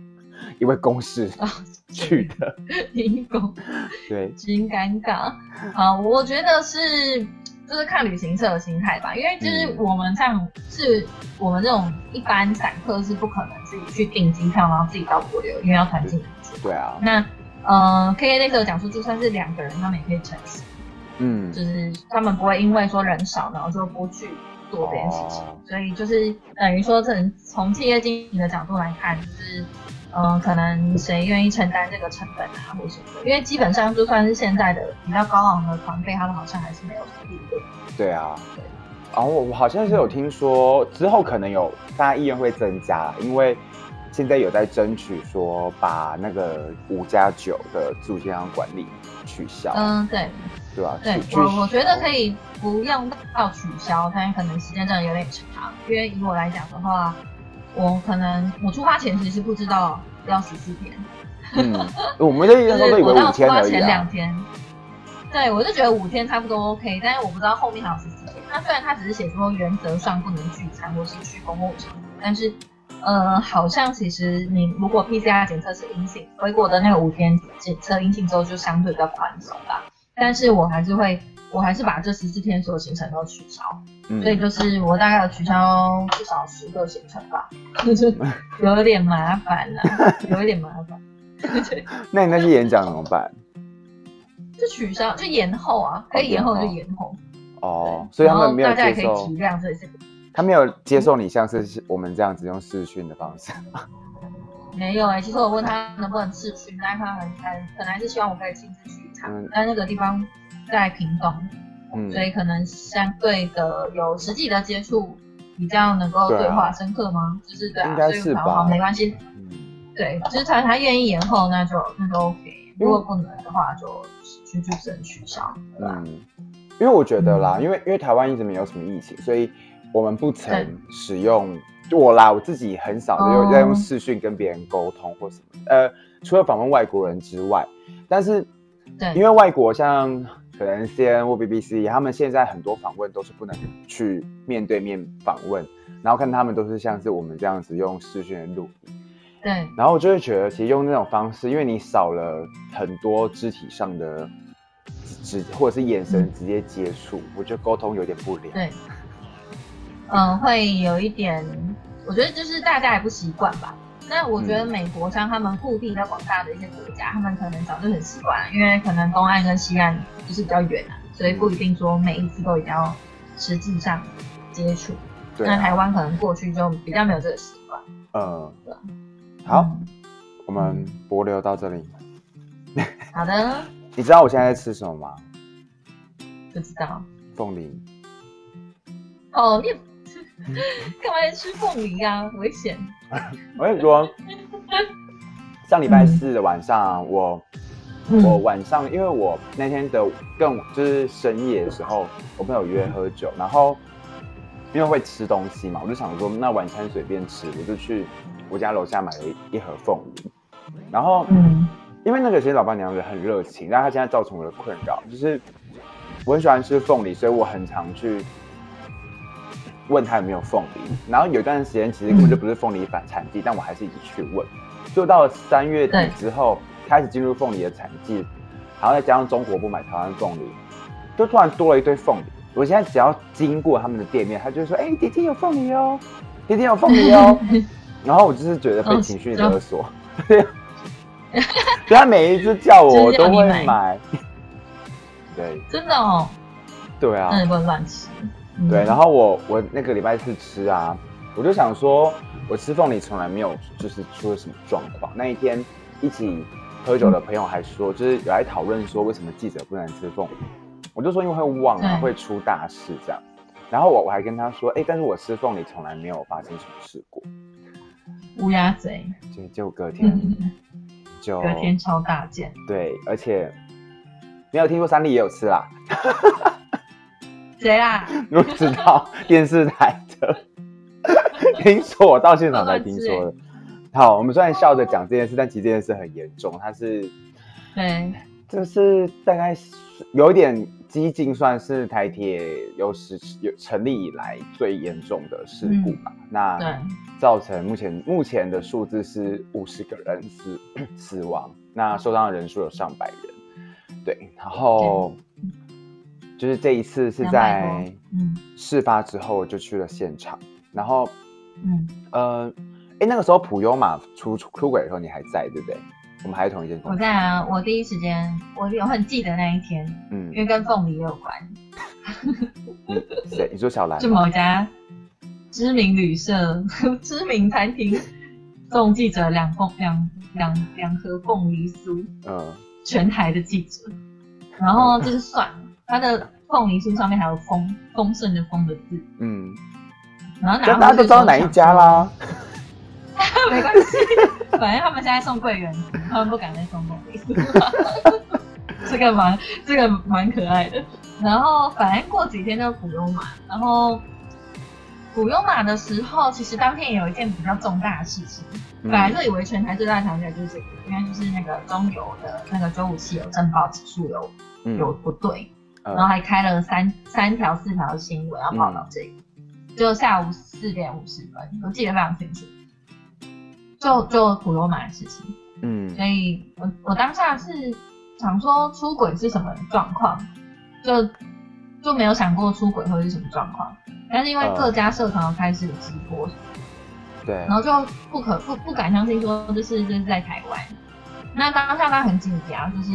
因為公事去的，因、啊、公對，真尷尬啊！我覺得是就是看旅行社的心態吧，因為就是我們像、嗯、是我們這種一般散客是不可能自己去訂機票，然後自己到國旅，因為要團進。對啊。那嗯、呃、K a 那時候講述就算是兩個人，他們也可以成行。嗯，就是他們不會因為說人少，然後就不去做這件事情，哦。所以就是等於說，從從企業經營的角度來看，就是。嗯，可能誰願意承擔這個成本啊，或者什麼？因為基本上就算是現在的比較高昂的團費，他們好像還是沒有能力的。對啊，然後、哦、我好像是有聽說，之後可能有大家意願會增加，因為現在有在爭取說把那個五加九的自主健康管理取消。嗯，對，對吧、啊？對，我取取我覺得可以不用到取消，但可能時間真的有點長，因為以我來講的話。我可能我出發前其實不知道要十四天，哈、嗯、哈， 就是我沒在印我到出發前兩天， 對我就覺得五天差不多 OK，但是我不知道後面還有十四天。那雖然他只是寫說原則上不能聚餐或是去國公共場所，但是呃，好像其實你如果 PCR 檢測是陰性，回國的那個五天檢測陰性之後就相對比較寬鬆吧，但是我還是會，我還是把這十四天所有行程都取消。嗯、所以就是我大概有取消至少十個行程吧，有點麻煩了，有一點麻煩、啊。 那你那些演講怎麼辦？就取消，就延後啊，Okay, 可以延後就延後。哦，哦，所以他們沒有，大家也可以體諒這件事，他沒有接受你，像是我們這樣子用視訊的方式、嗯。沒有哎、欸，其實我問他能不能視訊、嗯，但是他很，本來是希望我可以親自去一場，但那個地方在屏東。嗯、所以可能相對的有實際的接觸，比較能夠對話深刻嗎？啊、就是對、啊、應該是吧，好好沒關係、嗯。對，只、就是他他願意延後那，那就那就 OK。如果不能的話就，就去去只能取消。嗯，因為我覺得啦，嗯、因為因為台灣一直沒有什麼疫情，所以我們不曾使用。我啦，我自己很少有在用視訊跟別人溝通或什麼。嗯、呃，除了訪問外國人之外，但是對因為外國像。可能 CNN 或 BBC，他們現在很多訪問都是不能去面對面訪問，然後看他們都是像是我們這樣子用視訊錄，對，然後我就會覺得其實用那種方式，因為你少了很多肢體上的只，或者是眼神直接接觸，嗯，我覺得溝通有點不良。對，嗯，會有一點，我覺得就是大家還不習慣吧。那我覺得美國像他們固定在廣大的一些國家、嗯，他們可能早就很習慣，因為可能東岸跟西岸就是比較遠啊，所以不一定說每一次都一定要實際上接觸。那、啊、台灣可能過去就比較沒有這個習慣。嗯、呃，好，我們帛琉到這裡。 好的。你知道我現在在吃什麼嗎？不知道。鳳梨。哦，面。幹嘛要吃鳳梨啊？危險！我跟你說，上禮拜四的晚上，啊嗯，我我晚上因為我那天的更就是深夜的時候，我朋友約喝酒，然後因為會吃東西嘛，我就想說那晚餐隨便吃，我就去我家樓下買了一盒鳳梨，然後、嗯、因為那個其實老闆娘也很熱情，但是她現在造成我的困擾，就是我很喜歡吃鳳梨，所以我很常去。問他有沒有鳳梨，然後有一段時間其實根本就不是鳳梨反產地，嗯、但我還是一直去問，就到了三月底之後開始進入鳳梨的產地，然後再加上中國不買台灣鳳梨，就突然多了一堆鳳梨。我現在只要經過他們的店面，他就說：“哎，弟弟有鳳梨哦，弟弟有鳳梨哦。 ”然後我就是覺得被情緒勒索，對、哦，所以 他每一次叫我， 我都會買，對，真的哦，對啊，那你不能亂吃。對，然後我我那個禮拜四吃啊，我就想說，我吃鳳梨從來沒有就是出了什麼狀況。那一天，一起喝酒的朋友還說，嗯、就是有來討論說為什麼記者不能吃鳳梨，我就說因為我會忘啊，會出大事這樣。然後我我還跟他說，哎、欸，但是我吃鳳梨從來沒有發生什麼事故。烏鴉嘴，就就隔天，嗯、就隔天超大件。對，而且沒有聽說三立也有吃啦。 誰啊？不知道電視台的 聽說我到現場才聽說的。好，我們雖然笑着講這件事，但其實這件事很嚴重。它是，對，這是大概有一點幾近算是台鐵有史有成立以來最嚴重的事故吧。嗯、那造成目前目前的數字是五十個人死死亡，那受傷的人數有上百人。對，然後。就是這一次是在，事發之後就去了現場，嗯、然後，嗯，呃，哎，那個時候普悠瑪出出軌的時候你還在對不對？我們還是同一間，我在啊、嗯，我第一時間，我有很記得那一天，嗯，因為跟鳳梨有關、嗯。對，你說小蘭。 是某家知名旅社、知名餐廳送記者兩鳳兩兩兩盒鳳梨酥，嗯、呃，全台的記者，然後就是算、嗯 它的鳳梨酥上面還有豐豐盛的豐的字，嗯，然後，拿後，哪一家就招哪一家啦， 沒關係係， 反正他們現在送桂圓， 他們不敢再送鳳梨酥，這個蠻這個蠻可愛的。然後反正過幾天就補用碼，然後補用碼的時候，其實當天也有一件比較重大的事情，嗯、本來就以為全台最大的條件就是這個，應該就是那個中油的那個95汽油震爆指數有有不對。嗯嗯嗯、然後還開了三三條四條新聞要報道這個、嗯，就下午四點五十分，我記得非常清楚，就就普悠瑪的事情，嗯，所以我我當下是想說出軌是什麼狀況，就就沒有想過出軌會是什麼狀況，但是因為各家社團開始直播、嗯，對，然後就不可不不敢相信說就是這是在台灣，那當下他很緊張，就是。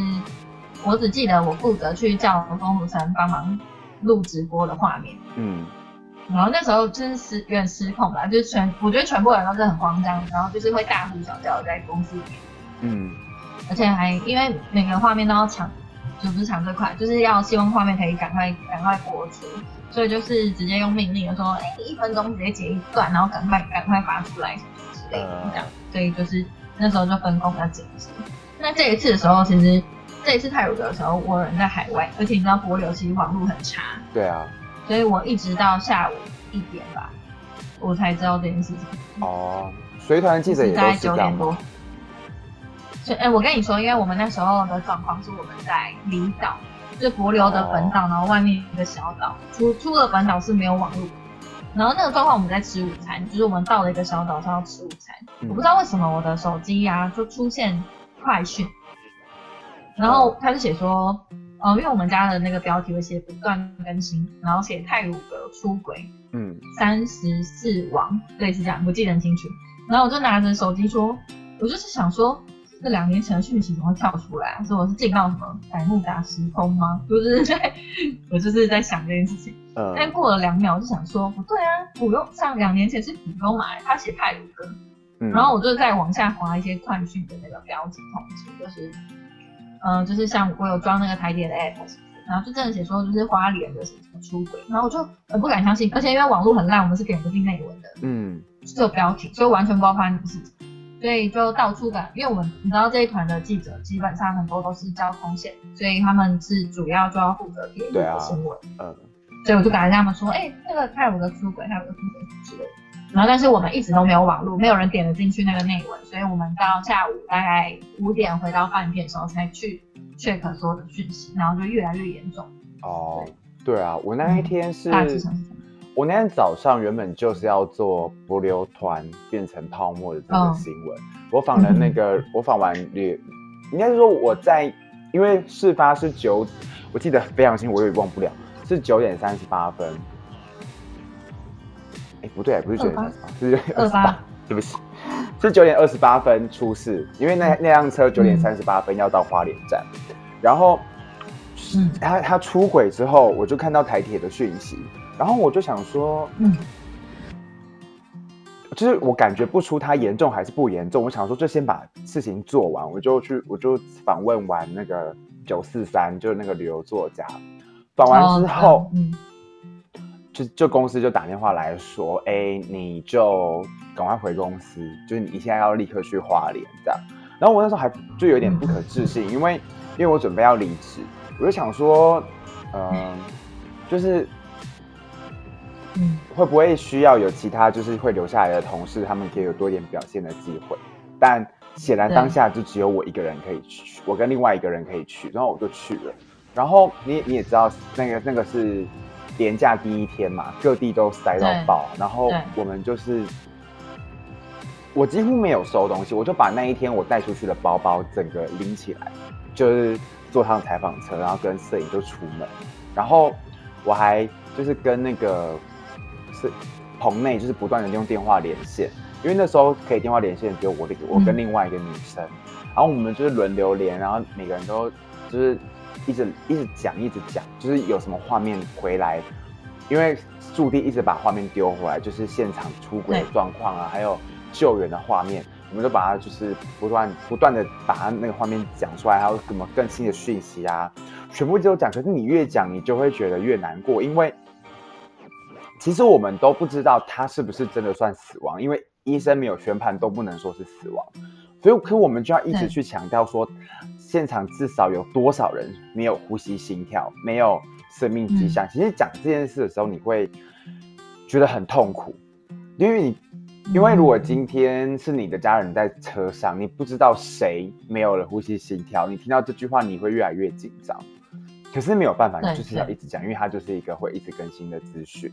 我只記得我負責去叫鐘楚生幫忙錄直播的畫面，嗯，然後那時候就是有點失控了，就是全我覺得全部人都是很慌張，然後就是會大呼小叫在公司裡面，嗯，而且還因為每個畫面都要搶，就是、不是搶最快，就是要希望畫面可以趕快趕快播出，所以就是直接用命令說，你、欸、一分鐘直接截一段，然後趕快趕快發出來之類的，就是、這樣，所以就是那時候就分工要剪輯。那這一次的時候其實。這一次太魯閣的時候，我人在海外，而且你知道帛琉其實網路很差。對啊，所以我一直到下午一點吧，我才知道這件事情。哦，隨團記者也在大概九點多。所以，哎、欸，我跟你說，因為我們那時候的狀況是我們在離島，就是帛琉的本島、哦，然後外面有一個小島，出出了本島是沒有網路。然後那個狀況我們在吃午餐，就是我們到了一個小島上要吃午餐、嗯，我不知道為什麼我的手機啊就出現快訊。然後他就寫說，呃、哦哦，因為我們家的那個標題會寫不斷更新，然後寫太魯閣出軌，嗯，三十四亡類似這樣，我記得很清楚。然後我就拿着手機說，我就是想說，這兩年前的訊息怎麼會跳出來？說我是進到什麼百慕達時空嗎？就是在，在 我就是在想這件事情。嗯、但過了兩秒，我就想說不對啊，普悠，像兩年前是普悠瑪嘛，他寫太魯閣，嗯，然後我就再往下滑一些快訊的那個標題通知就是。嗯，就是像我有裝那個台鐵的 app，然後就正寫說就是花蓮的什麼出軌，然後我就很不敢相信，而且因為網絡很爛，我們是點不進內文的，嗯，這個標題，所以完全不知道發生什麼事情。所以就到處趕，因為我們你知道這一團的記者基本上很多都是交通線，所以他們是主要就要負責點新聞、對啊，嗯，所以我就趕着他們說，哎、欸，那個太魯閣的出軌，太魯閣出軌之類的。然後，但是我們一直都沒有網路，沒有人點了進去那個內文，所以我們到下午大概五點回到飯店的時候，才去 check 所有的訊息，然後就越來越嚴重。哦，對啊，我那一天是、嗯，是，我那天早上原本就是要做帛琉團變成泡沫的這個新聞、哦，我訪了那個，我訪完你， 應該是說我在，因為事發是九，我記得非常清楚，我也忘不了，是九點三十八分。不對、啊，不是九點三十八，是二十八。對不起，是九點二十八分出事，因為那那輛車九點三十八分要到花蓮站。然後，他他出軌之後，我就看到台鐵的訊息，然後我就想說，嗯，就是我感覺不出他嚴重還是不嚴重。我想說，就先把事情做完，我就去，我就訪問完那個九四三，就是那個旅遊作家，訪完之後，哦、嗯。就，就公司就打電話來說，哎、欸，你就趕快回公司，就是你現在要立刻去花蓮這樣。然後我那時候還就有點不可置信，嗯、因為因為我準備要離職，我就想說，呃、嗯，就是，會不會需要有其他就是會留下來的同事，他們可以有多一點表現的機會？但顯然當下就只有我一個人可以去，我跟另外一個人可以去，然後我就去了。然後你你也知道、那個，那個那個是。連假第一天嘛，各地都塞到爆，然後我們就是，我幾乎沒有收東西，我就把那一天我帶出去的包包整個拎起來，就是坐上採訪車，然後跟攝影就出門，然後我還就是跟那個是棚內，就是不斷的用電話連線，因為那時候可以電話連線只有我，我跟另外一個女生，嗯、然後我們就是輪流連，然後每個人都就是。一直一直講，一直講，就是有什麼畫面回來，因為駐地一直把畫面丟回來，就是現場出軌的狀況啊，還有救援的畫面，我們都把它就是不斷不斷的把它那個畫面講出來，還有什麼更新的訊息啊，全部都講。可是你越講，你就會覺得越難過，因為其實我們都不知道他是不是真的算死亡，因為醫生沒有宣判，都不能說是死亡。所以，可我們就要一直去強調說。現場至少有多少人沒有呼吸、心跳、沒有生命跡象？嗯、其實講這件事的時候，你會覺得很痛苦，因為你，因為如果今天是你的家人在車上，嗯、你不知道誰沒有了呼吸、心跳，你聽到這句話，你會越來越緊張。可是沒有辦法，就是要一直講，因為它就是一個會一直更新的資訊。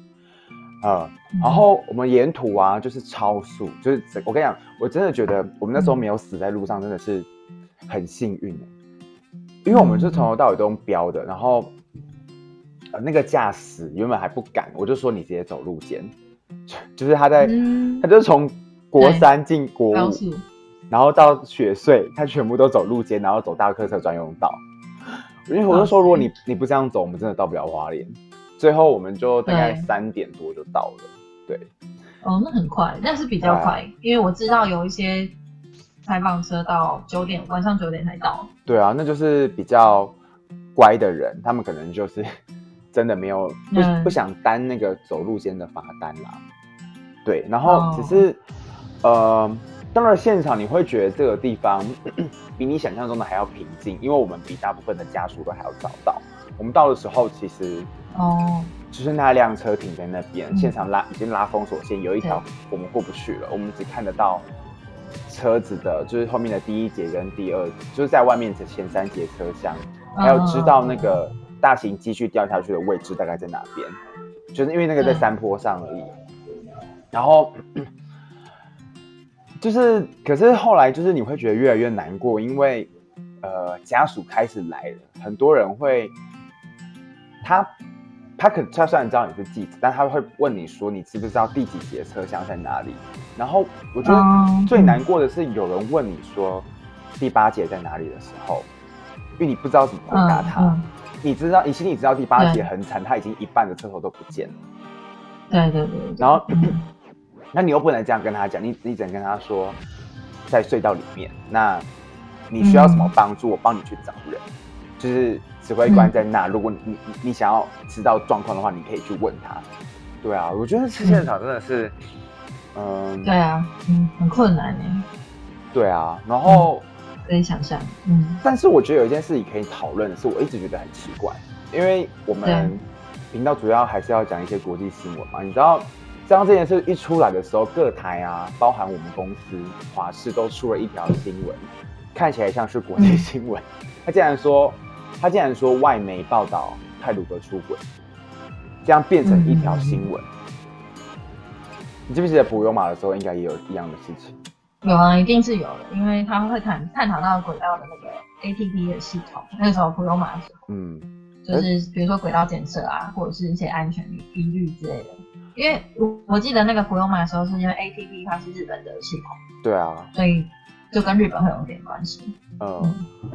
呃，嗯、然後我們沿途啊，就是超速，就是我跟你講，我真的覺得我們那時候沒有死在路上，真的是。很幸運，因為我們是從頭到尾都用飆的、嗯，然後，呃、那個駕駛原本還不敢，我就說你直接走路肩，就是他在，嗯、他就從國三進國五，然後到雪隧，他全部都走路肩，然後走大客車專用道。因為我就說，如果你、哦、你不這樣走，我們真的到不了花蓮。最後我們就大概三點多就到了，對，對。哦，那很快，那是比較快，因為我知道有一些。採訪車到九點，晚上九點才到。對啊，那就是比較乖的人，他們可能就是真的沒有，嗯、不不想擔那個走路間的罰單啦。對，然後只是、哦、呃，當然現場你會覺得這個地方咳咳比你想象中的還要平靜，因為我們比大部分的家屬都還要早到。我們到的時候，其實哦，就是那輛車停在那邊、嗯，現場拉已經拉封鎖線，有一條我們過不去了，我們只看得到。車子的就是後面的第一節跟第二，就是在外面的前三節車廂，還要知道那個大型機具掉下去的位置大概在哪邊，就是因為那個在山坡上而已。嗯。然後，就是，可是後來就是你會覺得越來越難過，因為呃家屬開始來了，很多人會他。他可他雖然知道你是記者，但他會問你說你知不知道第幾節車廂在哪裡？然後我覺得最難過的是有人問你說第八節在哪裡的時候，因為你不知道怎麼回答他、嗯嗯。你知道，你心裡知道第八節很慘，他已經一半的車頭都不見了。對對對，對。然後、嗯，那你又不能這樣跟他講你，你只能跟他說在隧道裡面。那你需要什麼幫助，我幫你去找人。嗯就是指揮官在那、嗯，如果你你想要知道狀況的話，你可以去問他。對啊，我覺得去現場真的是，嗯，嗯對啊，嗯，很困難呢，欸。對啊，然後可以想象，嗯。但是我覺得有一件事情可以討論的是，我一直覺得很奇怪，因為我們頻道主要還是要講一些國際新聞嘛。你知道，像這件事一出來的時候，各台啊，包含我們公司華視都出了一條新聞，看起來像是國際新聞。他、嗯、竟然說。他竟然說外媒報道太魯閣出軌，這樣變成一條新聞、嗯。你記不記得普悠瑪的時候，應該也有一樣的事情？有啊，一定是有的，因為他會探探討到軌道的那個 ATP 的系統。那個、時候普悠瑪的時候，嗯，就是比如說軌道檢測啊、欸，或者是一些安全比率之類的。因為我，我記得那個普悠瑪的時候，是因為 ATP 它是日本的系統，對啊，所以就跟日本會有一點關係、呃。嗯。嗯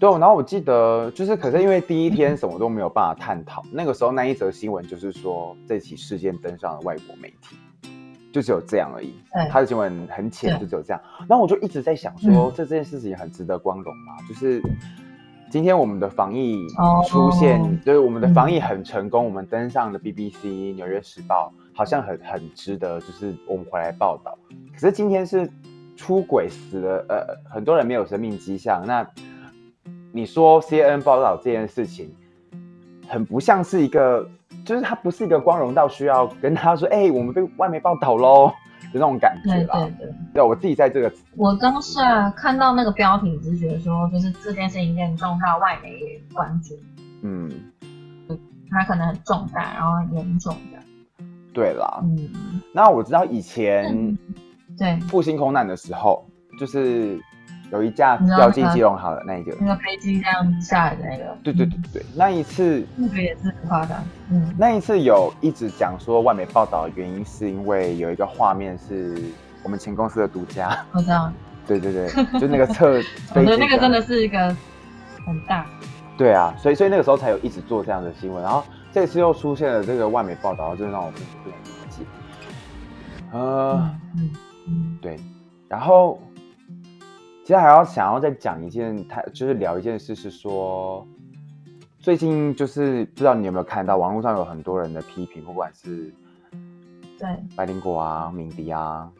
對，然後我記得就是，可是因為第一天什麼都沒有辦法探討，那個時候那一則新聞就是說這起事件登上了外國媒體，就只有這樣而已。他的新聞很淺，就只有這樣。然後我就一直在想說，這件事情很值得光榮嗎？啊，嗯。就是今天我們的防疫出現，哦、就是我們的防疫很成功，嗯、我們登上了 BBC、紐約時報好像很很值得，就是我們回來報道。可是今天是出軌死了，呃，很多人沒有生命跡象，那。你說 C N 報道這件事情，很不像是一個，就是它不是一個光榮到需要跟他說：“哎、欸，我們被外媒報道嘍”，就那種感覺啦。對，對對。對，我自己在這個，我剛是、啊、看到那個標題，直覺說，就是這件事情嚴重到外媒關注，嗯，他可能很重大，然後很嚴重的，對啦，嗯。那我知道以前、嗯、對復興空難的時候，就是。有一架表記機用好的那個、你、那個，那個飛機、那個、這樣下來的那個，對對對對，嗯、那一次那個也是很誇張，嗯，那一次有一直講說外媒報道的原因是因為有一個畫面是我們前公司的獨家，我知道， 對對對，就那個側 我覺得那個真的是一個很大，對啊，所以所以那個時候才有一直做這樣的新聞，然後這次又出現了這個外媒報道，就是就讓我們有點理解、呃嗯。嗯。對，然後。其實還要想要再講一件，他就是聊一件事，是說最近就是不知道你有沒有看到網絡上有很多人的批評，不管是對百靈果啊、敏迪啊，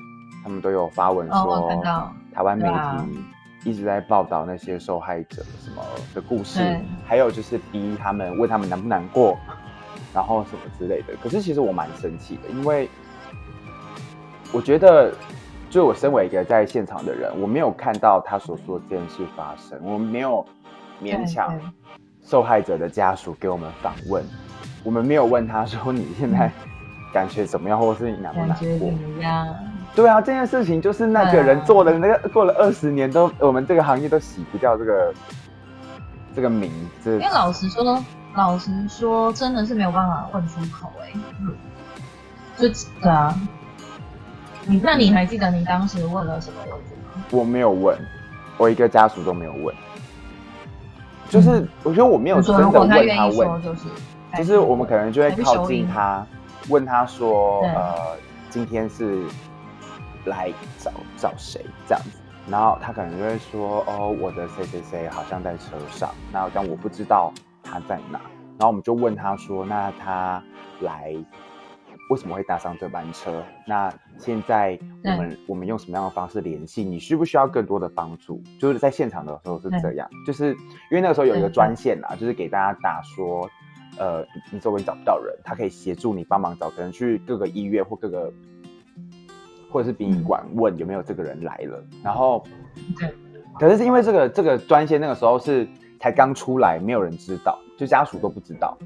他們都有發文說、哦、台灣媒體一直在報道那些受害者什麼的故事，還有就是逼他們問他們難不難過，然後什麼之類的。可是其實我蠻生氣的，因為我覺得。就我身為一個在現場的人，我沒有看到他所說的這件事發生，我們沒有勉強受害者的家屬給我們訪問，對對對，我們沒有問他說你現在感覺怎麼樣，或者是你難不難過？對啊，這件事情就是那個人做的，那個過、啊、了二十年都，我們這個行業都洗不掉這個這個名字。因為老實說，老實說，真的是沒有辦法問出口哎，嗯，就對啊。那你還記得你當時問了什麼問題嗎？我沒有問，我一個家屬都沒有問、嗯。就是我覺得我沒有、嗯、真的問他問他、就是，就是我們可能就會靠近他，問他說：“呃，今天是來找找誰這樣子？”然後他可能就會說：“哦，我的誰誰誰好像在車上，那但我不知道他在哪。”然後我們就問他說：“那他來？”為什麼會搭上這班車？那現在我們我們用什麼樣的方式聯繫你？需不需要更多的幫助？就是在現場的時候是這樣，就是因為那個時候有一個專線啊，就是給大家打說，呃，你周圍找不到人，他可以協助你幫忙找，可能去各個醫院或各個或者是殯儀館問有沒有這個人來了。然後，對，可是是因為這個這個專線那個時候是才剛出來，沒有人知道，就家屬都不知道。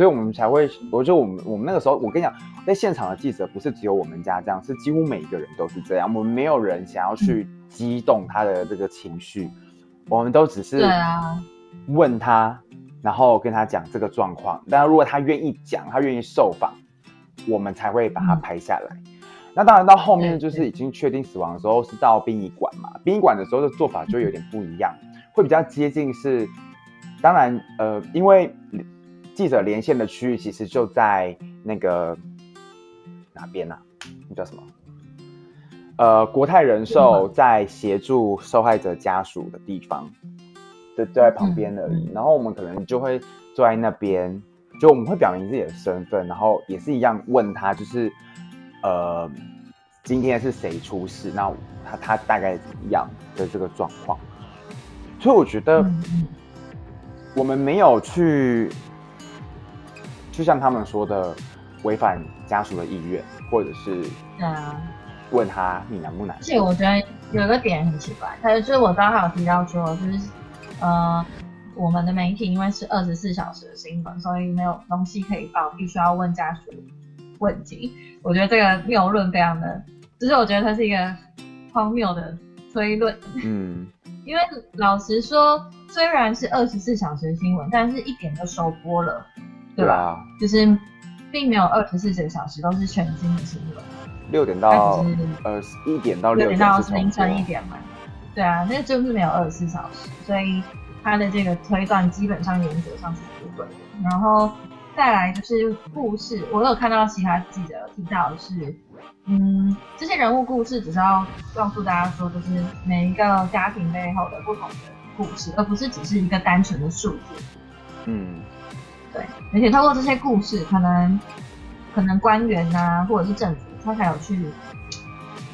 所以，我們才會，我就我們我們那個時候，我跟你講，在現場的記者不是只有我們家這樣，是幾乎每一個人都是這樣。我們沒有人想要去激動他的這個情緒，我們都只是問他，嗯、然後跟他講這個狀況。但如果他願意講，他願意受訪，我們才會把他拍下來。嗯、那當然，到後面就是已經確定死亡的時候，是到殯儀館嘛？嗯、殯儀館的時候的做法就有點不一樣，嗯、會比較接近是，當然，呃，因為。記者連線的區域其實就在那個哪邊呢？啊？那叫什麼？呃，國泰人壽在協助受害者家屬的地方，就，就在旁邊而已。 然後我們可能就會坐在那邊，就我們會表明自己的身份，然後也是一樣問他，就是呃，今天是誰出事，那他他大概怎麼樣的這個狀況？所以我覺得我們沒有去。就像他們說的，違反家屬的意願，或者是對啊，問他你難不難。而且我覺得有一個點很奇怪，還有就是我剛剛有提到說，就是呃，我們的媒體因為是二十四小時的新聞，所以沒有東西可以報，必須要問家屬問題，我覺得這個謬論非常的，就是我覺得它是一個荒謬的推論。嗯，因為老實說，雖然是二十四小時的新聞，但是一點就收播了。對吧，對啊，就是並沒有二十四小時都是全新的新聞，六點到呃一點到六點到凌晨一點嘛。對啊，那就是沒有二十四小時，所以他的這個推斷基本上原則上是不對的。然後再來就是故事，我有看到其他記者提到的是，嗯，這些人物故事只是要告訴大家說，就是每一個家庭背後的不同的故事，而不是只是一個單純的數字。嗯。對，而且透過這些故事，可能可能官員吶、啊，或者是政府，他才有去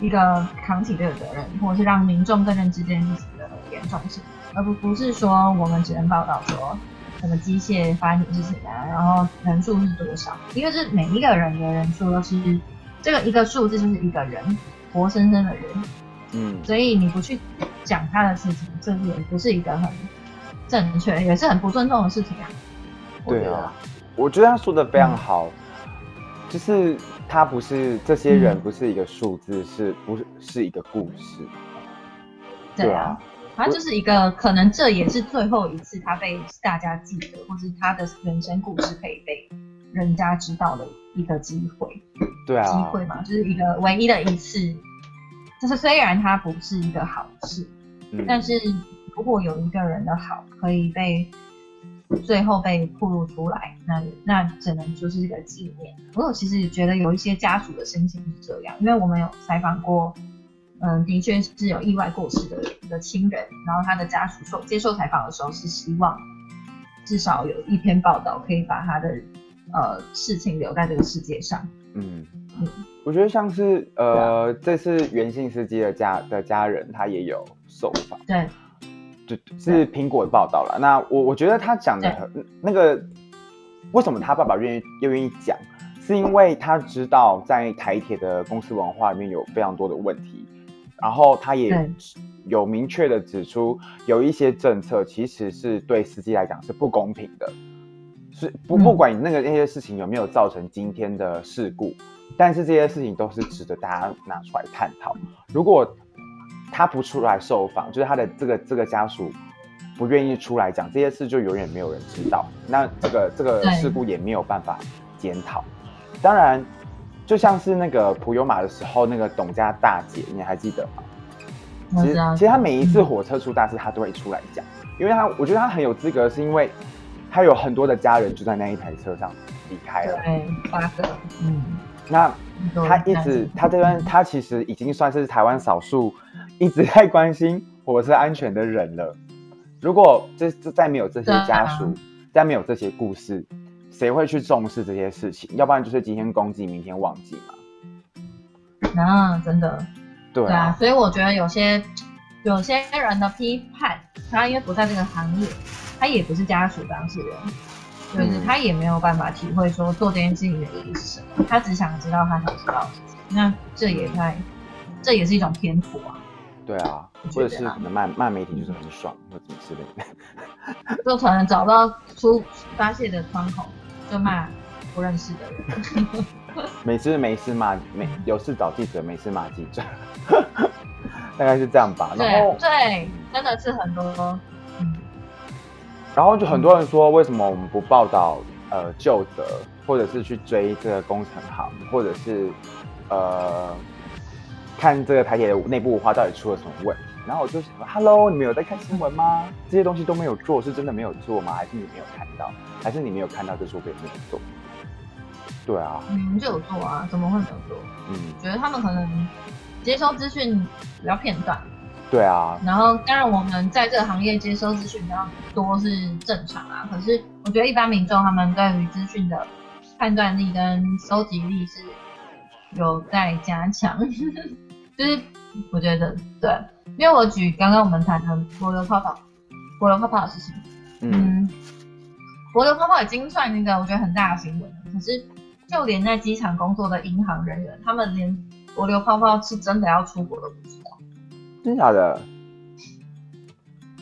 一個扛起這個責任，或者是讓民眾更認知這件事情的嚴重性，而不不是說我們只能報道說什麼機械發生什麼事情啊，然後人數是多少，因為是每一個人的人數都是這個一個數字，就是一個人活生生的人，嗯，所以你不去講他的事情，這也不是一個很正確，也是很不尊重的事情啊。對啊，我覺得他說得非常好，嗯，就是他不是這些人，不是一個數字，嗯，是不是是一個故事？對啊，他就是一個可能，這也是最後一次他被大家記得，或是他的人生故事可以被人家知道的一個機會，對啊，機會嘛，就是一個唯一的一次，就是雖然他不是一個好事，嗯，但是如果有一個人的好可以被。最後被披露出來，那那只能就是這個紀念。我有其實覺得有一些家屬的心情是這樣，因為我們有採訪過，嗯、呃，的確是有意外過世的的親人，然後他的家屬受接受採訪的時候是希望至少有一篇報道可以把他的呃事情留在這個世界上。嗯，嗯。我覺得像是呃這次袁姓司機的家的家人，他也有受訪。對。對對對，是蘋果的報道了。那我我覺得他講的很那個，為什麼他爸爸願意又願意講，是因為他知道在台鐵的公司文化裡面有非常多的問題，然後他也有明確的指出，有一些政策其實是對司機來講是不公平的。是不不管那個那些事情有沒有造成今天的事故，嗯，但是這些事情都是值得大家拿出來探討。如果他不出來受訪，就是他的這個這個家屬，不願意出來講這些事，就永遠沒有人知道。那這個這個事故也沒有辦法檢討。當然，就像是那個普悠瑪的時候，那個董家大姐，你還記得嗎？其實，我知道，其實他每一次火車出大事，嗯、他都會出來講，因為他我覺得他很有資格，是因為他有很多的家人就在那一台車上離開了。嗯，嗯。那他一直，他這邊，他其實已經算是台灣少數。一直在關心火車安全的人了。如果這這再沒有這些家屬、啊，再沒有這些故事，誰會去重視這些事情？要不然就是今天攻擊，明天忘記嘛。那、啊、真的對、啊。對啊，所以我覺得有些有些人的批判，他因為不在這個行業，他也不是家屬當事人、嗯，就是他也沒有辦法體會說做這件事情的意義是什麼。他只想知道他想知道。那這也太，這也是一種偏頗啊。對啊，或者是可能罵罵、嗯、媒體就是很爽，嗯、或者什麼之類的，就可能找到出發洩的窗口，就罵不認識的人。嗯、 每次沒事罵，沒有事找記者沒事罵記者， 大概是這樣吧。然後對對，真的是很多。嗯、然後就很多人說，為什麼我們不報道呃究責，或者是去追一個工程行，或者是呃。看這個台鐵的內部文化到底出了什麼問題，然後我就想說，Hello，你們有在看新聞嗎？這些東西都沒有做，是真的沒有做嗎？還是你沒有看到？還是你沒有看到就是我沒有做？對啊，嗯，你們就有做啊，怎麼會沒有做？嗯，覺得他們可能接收資訊比較片段。對啊，然後當然我們在這個行業接收資訊比較多是正常啊，可是我覺得一般民眾他們對於資訊的判斷力跟收集力是有待加強。 就是我覺得對，因為我舉剛剛我們談的帛琉泡泡，帛琉泡泡的事情，嗯，帛、嗯、琉泡泡已經算，那個我覺得很大的新聞了。可是就連在機場工作的銀行人員，他們連帛琉泡泡是真的要出國都不知道，真的假的？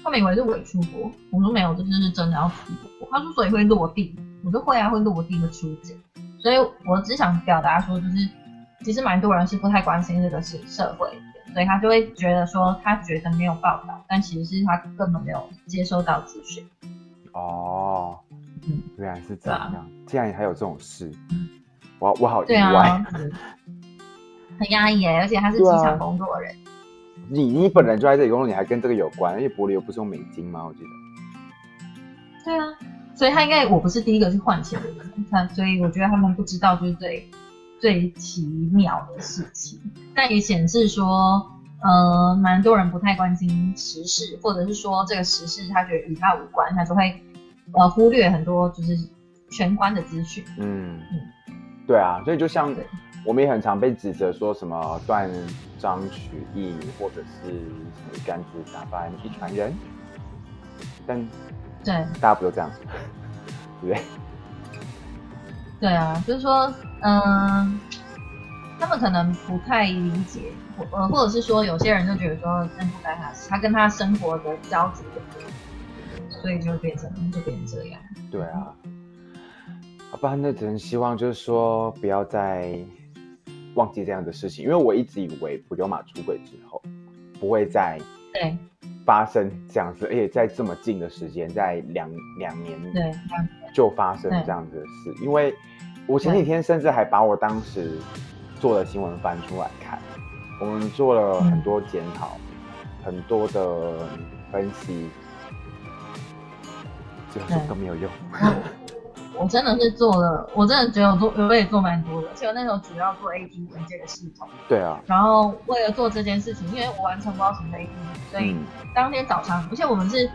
他們以為是偽出國，我說沒有，這就是真的要出國，國。他說所以會落地，我說會啊，會落地的出境。所以我只想表達說，就是。其實蠻多人是不太關心這個是社會，所以他就會覺得說，他覺得沒有報道但其實是他根本沒有接收到資訊。哦，原來、啊、是這樣、啊。竟然還有這種事，我、嗯、我好意外對、啊。很壓抑耶，而且他是機場工作人，你、啊、你本來就在這裡工作，你還跟這個有關？因為帛琉不是用美金嗎？我記得。對啊，所以他應該我不是第一個去換錢的人，他所以我覺得他們不知道就是對。最奇妙的事情，但也顯示說，呃，蠻多人不太關心時事，或者是說這個時事，他覺得與他無關，他就會，呃，忽略很多就是全觀的資訊。嗯，嗯對啊，所以就像我們也很常被指責說什麼斷章取義，或者是什麼一竿子打翻一船人，但對大家不都這樣子，對不 對？對啊，就是說。嗯，他們可能不太理解，呃，或者是說有些人就覺得說，那不他，他跟他生活的交集，所以就變成就變成這樣。對啊，好吧，那只能希望就是說不要再忘記這樣的事情，因為我一直以為普悠瑪出軌之後不會再對發生這樣子，而且在這麼近的時間，在兩兩年對就發生這樣子的事，因為。我前幾天甚至還把我當時做的新聞翻出來看，我們做了很多檢討，很多的分析，最後都沒有用。 我真的是做了，我真的覺得我做，我也做蠻多的，而且那時候主要做 A T 文件的系統。對啊。然後為了做這件事情，因為我完成不了什麼 A T，所以當天早上，而且我們是，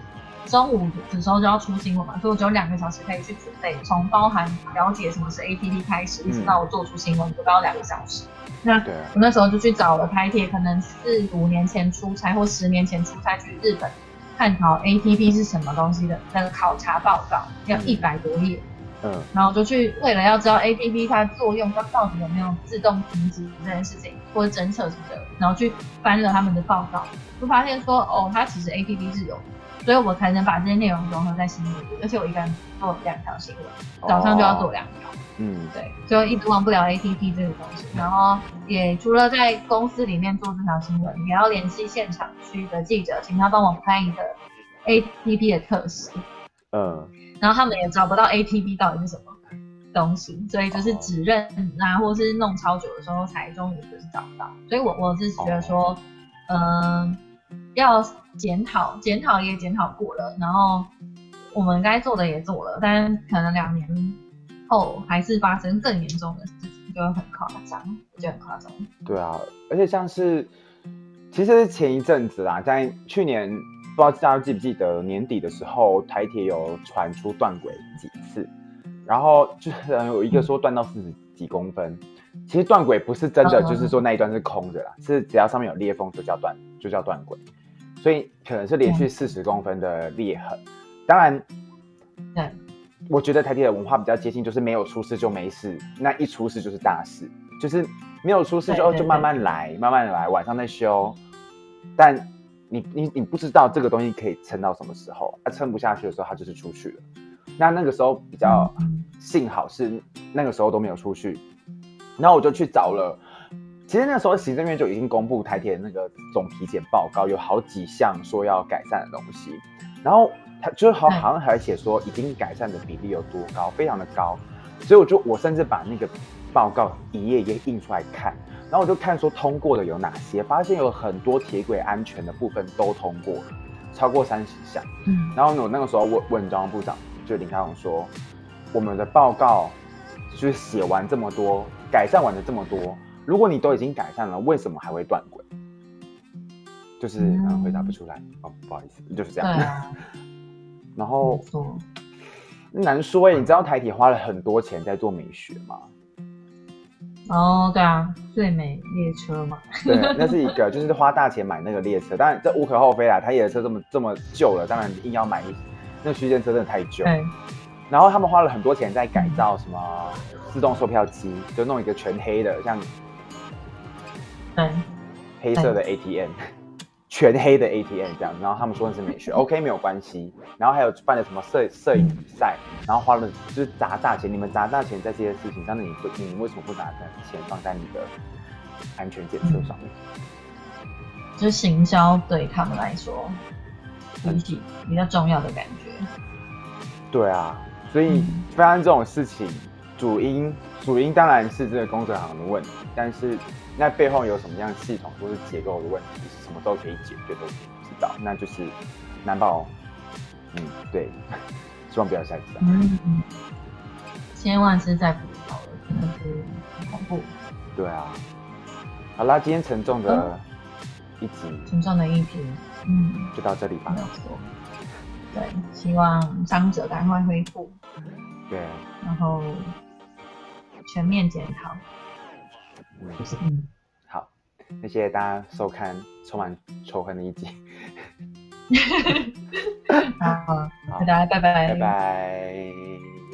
中午的時候就要出新聞嘛，所以我只有兩個小時可以去準備，從包含了解什麼是 ATP 開始，一、嗯、直到我做出新聞，就不到兩個小時。那對、啊、我那時候就去找了開貼，可能四五年前出差或十年前出差去日本，探討 ATP 是什麼東西的，那個考察報告要一百多頁、嗯。嗯，然後就去為了要知道 ATP 它的作用，它到底有沒有自動停止這件事情，或者偵測什麼的，然後去翻了他們的報告，就發現說哦，它其實 ATP 是有。所以我才能把這些內容融合在新聞裡，而且我一般做兩條新聞，早上就要做兩條，哦，嗯，對，就一直忘不了 A P P 這個東西，然後也除了在公司裡面做這條新聞，也要聯繫現場區的記者，請他幫我拍一個 A P P 的特寫，嗯、呃，然後他們也找不到 A P P 到底是什麼東西，所以就是指認啊，哦、或是弄超久的時候，才終於就是找到，所以我我是覺得說，嗯、哦。呃要檢討，檢討也檢討過了，然後我們該做的也做了，但可能兩年後還是發生更嚴重的事，就很誇張，覺得很誇張。對啊，而且像是其實是前一陣子啦，在去年不知道大家記不記得年底的時候，台鐵有傳出斷軌幾次，然後就是有一個說斷到四十幾公分，嗯，其實斷軌不是真的，嗯，就是說那一段是空的啦，是只要上面有裂縫就叫斷。就叫斷軌，所以可能是連續四十公分的裂痕。當然，我覺得台鐵的文化比較接近，就是沒有出事就沒事，那一出事就是大事，就是沒有出事就對對對，就慢慢來，慢慢來，晚上再修。但你你你不知道這個東西可以撐到什麼時候，它、啊、撐不下去的時候，它就是出去了。那那個時候比較幸好是那個時候都沒有出去，然後我就去找了。其實那時候，行政院就已經公布台鐵那個總體檢報告，有好幾項說要改善的東西。然後他就是好，好像還寫說已經改善的比例有多高，非常的高。所以我就我甚至把那個報告一頁一頁印出來看，然後我就看說通過的有哪些，發現有很多鐵軌安全的部分都通過了，超過三十項。嗯，然後我那個時候問問交通部長就林佳龍說，我們的報告就是寫完這麼多，改善完的這麼多。如果你都已經改善了，為什麼還會斷軌？就是剛剛回答不出來、嗯、哦，不好意思，就是這樣。啊、 然後難說哎、欸嗯，你知道台鐵花了很多錢在做美學嗎？哦，對啊，最美列車嘛。對，那是一個，就是花大錢買那個列車， 當然這無可厚非啊。台鐵的車這麼這麼舊了，當然硬要買，那區間車真的太舊。然後他們花了很多錢在改造什麼自動售票機，嗯、就弄一個全黑的，像。黑色的 ATM，全黑的 ATM 這樣，然後他們說的是美學 ，OK 沒有關係。然後還有辦了什麼攝攝影比賽，然後花了就是砸大錢，你們砸大錢在這些事情上，那你不你為什麼不把錢放在你的安全檢測上面？就是行銷對他們來說比較比較重要的感覺。對啊，所以發生、嗯、這種事情，主因主因當然是這個工作上的問題，但是。那背後有什麼樣的系統或是結構的問題，什麼時候可以解決，都不知道，那就是難保。嗯，對，希望不要下一次、啊。嗯嗯。千萬是在補刀了，真的是很恐怖。對啊。好啦，今天沉重的一集。嗯、沉重的一集。嗯，就到這裡吧。嗯嗯嗯、對，希望傷者趕快恢復。對。然後全面檢討。嗯，好，那謝謝大家收看充滿仇恨的一集。 好，好，大家拜拜，拜拜。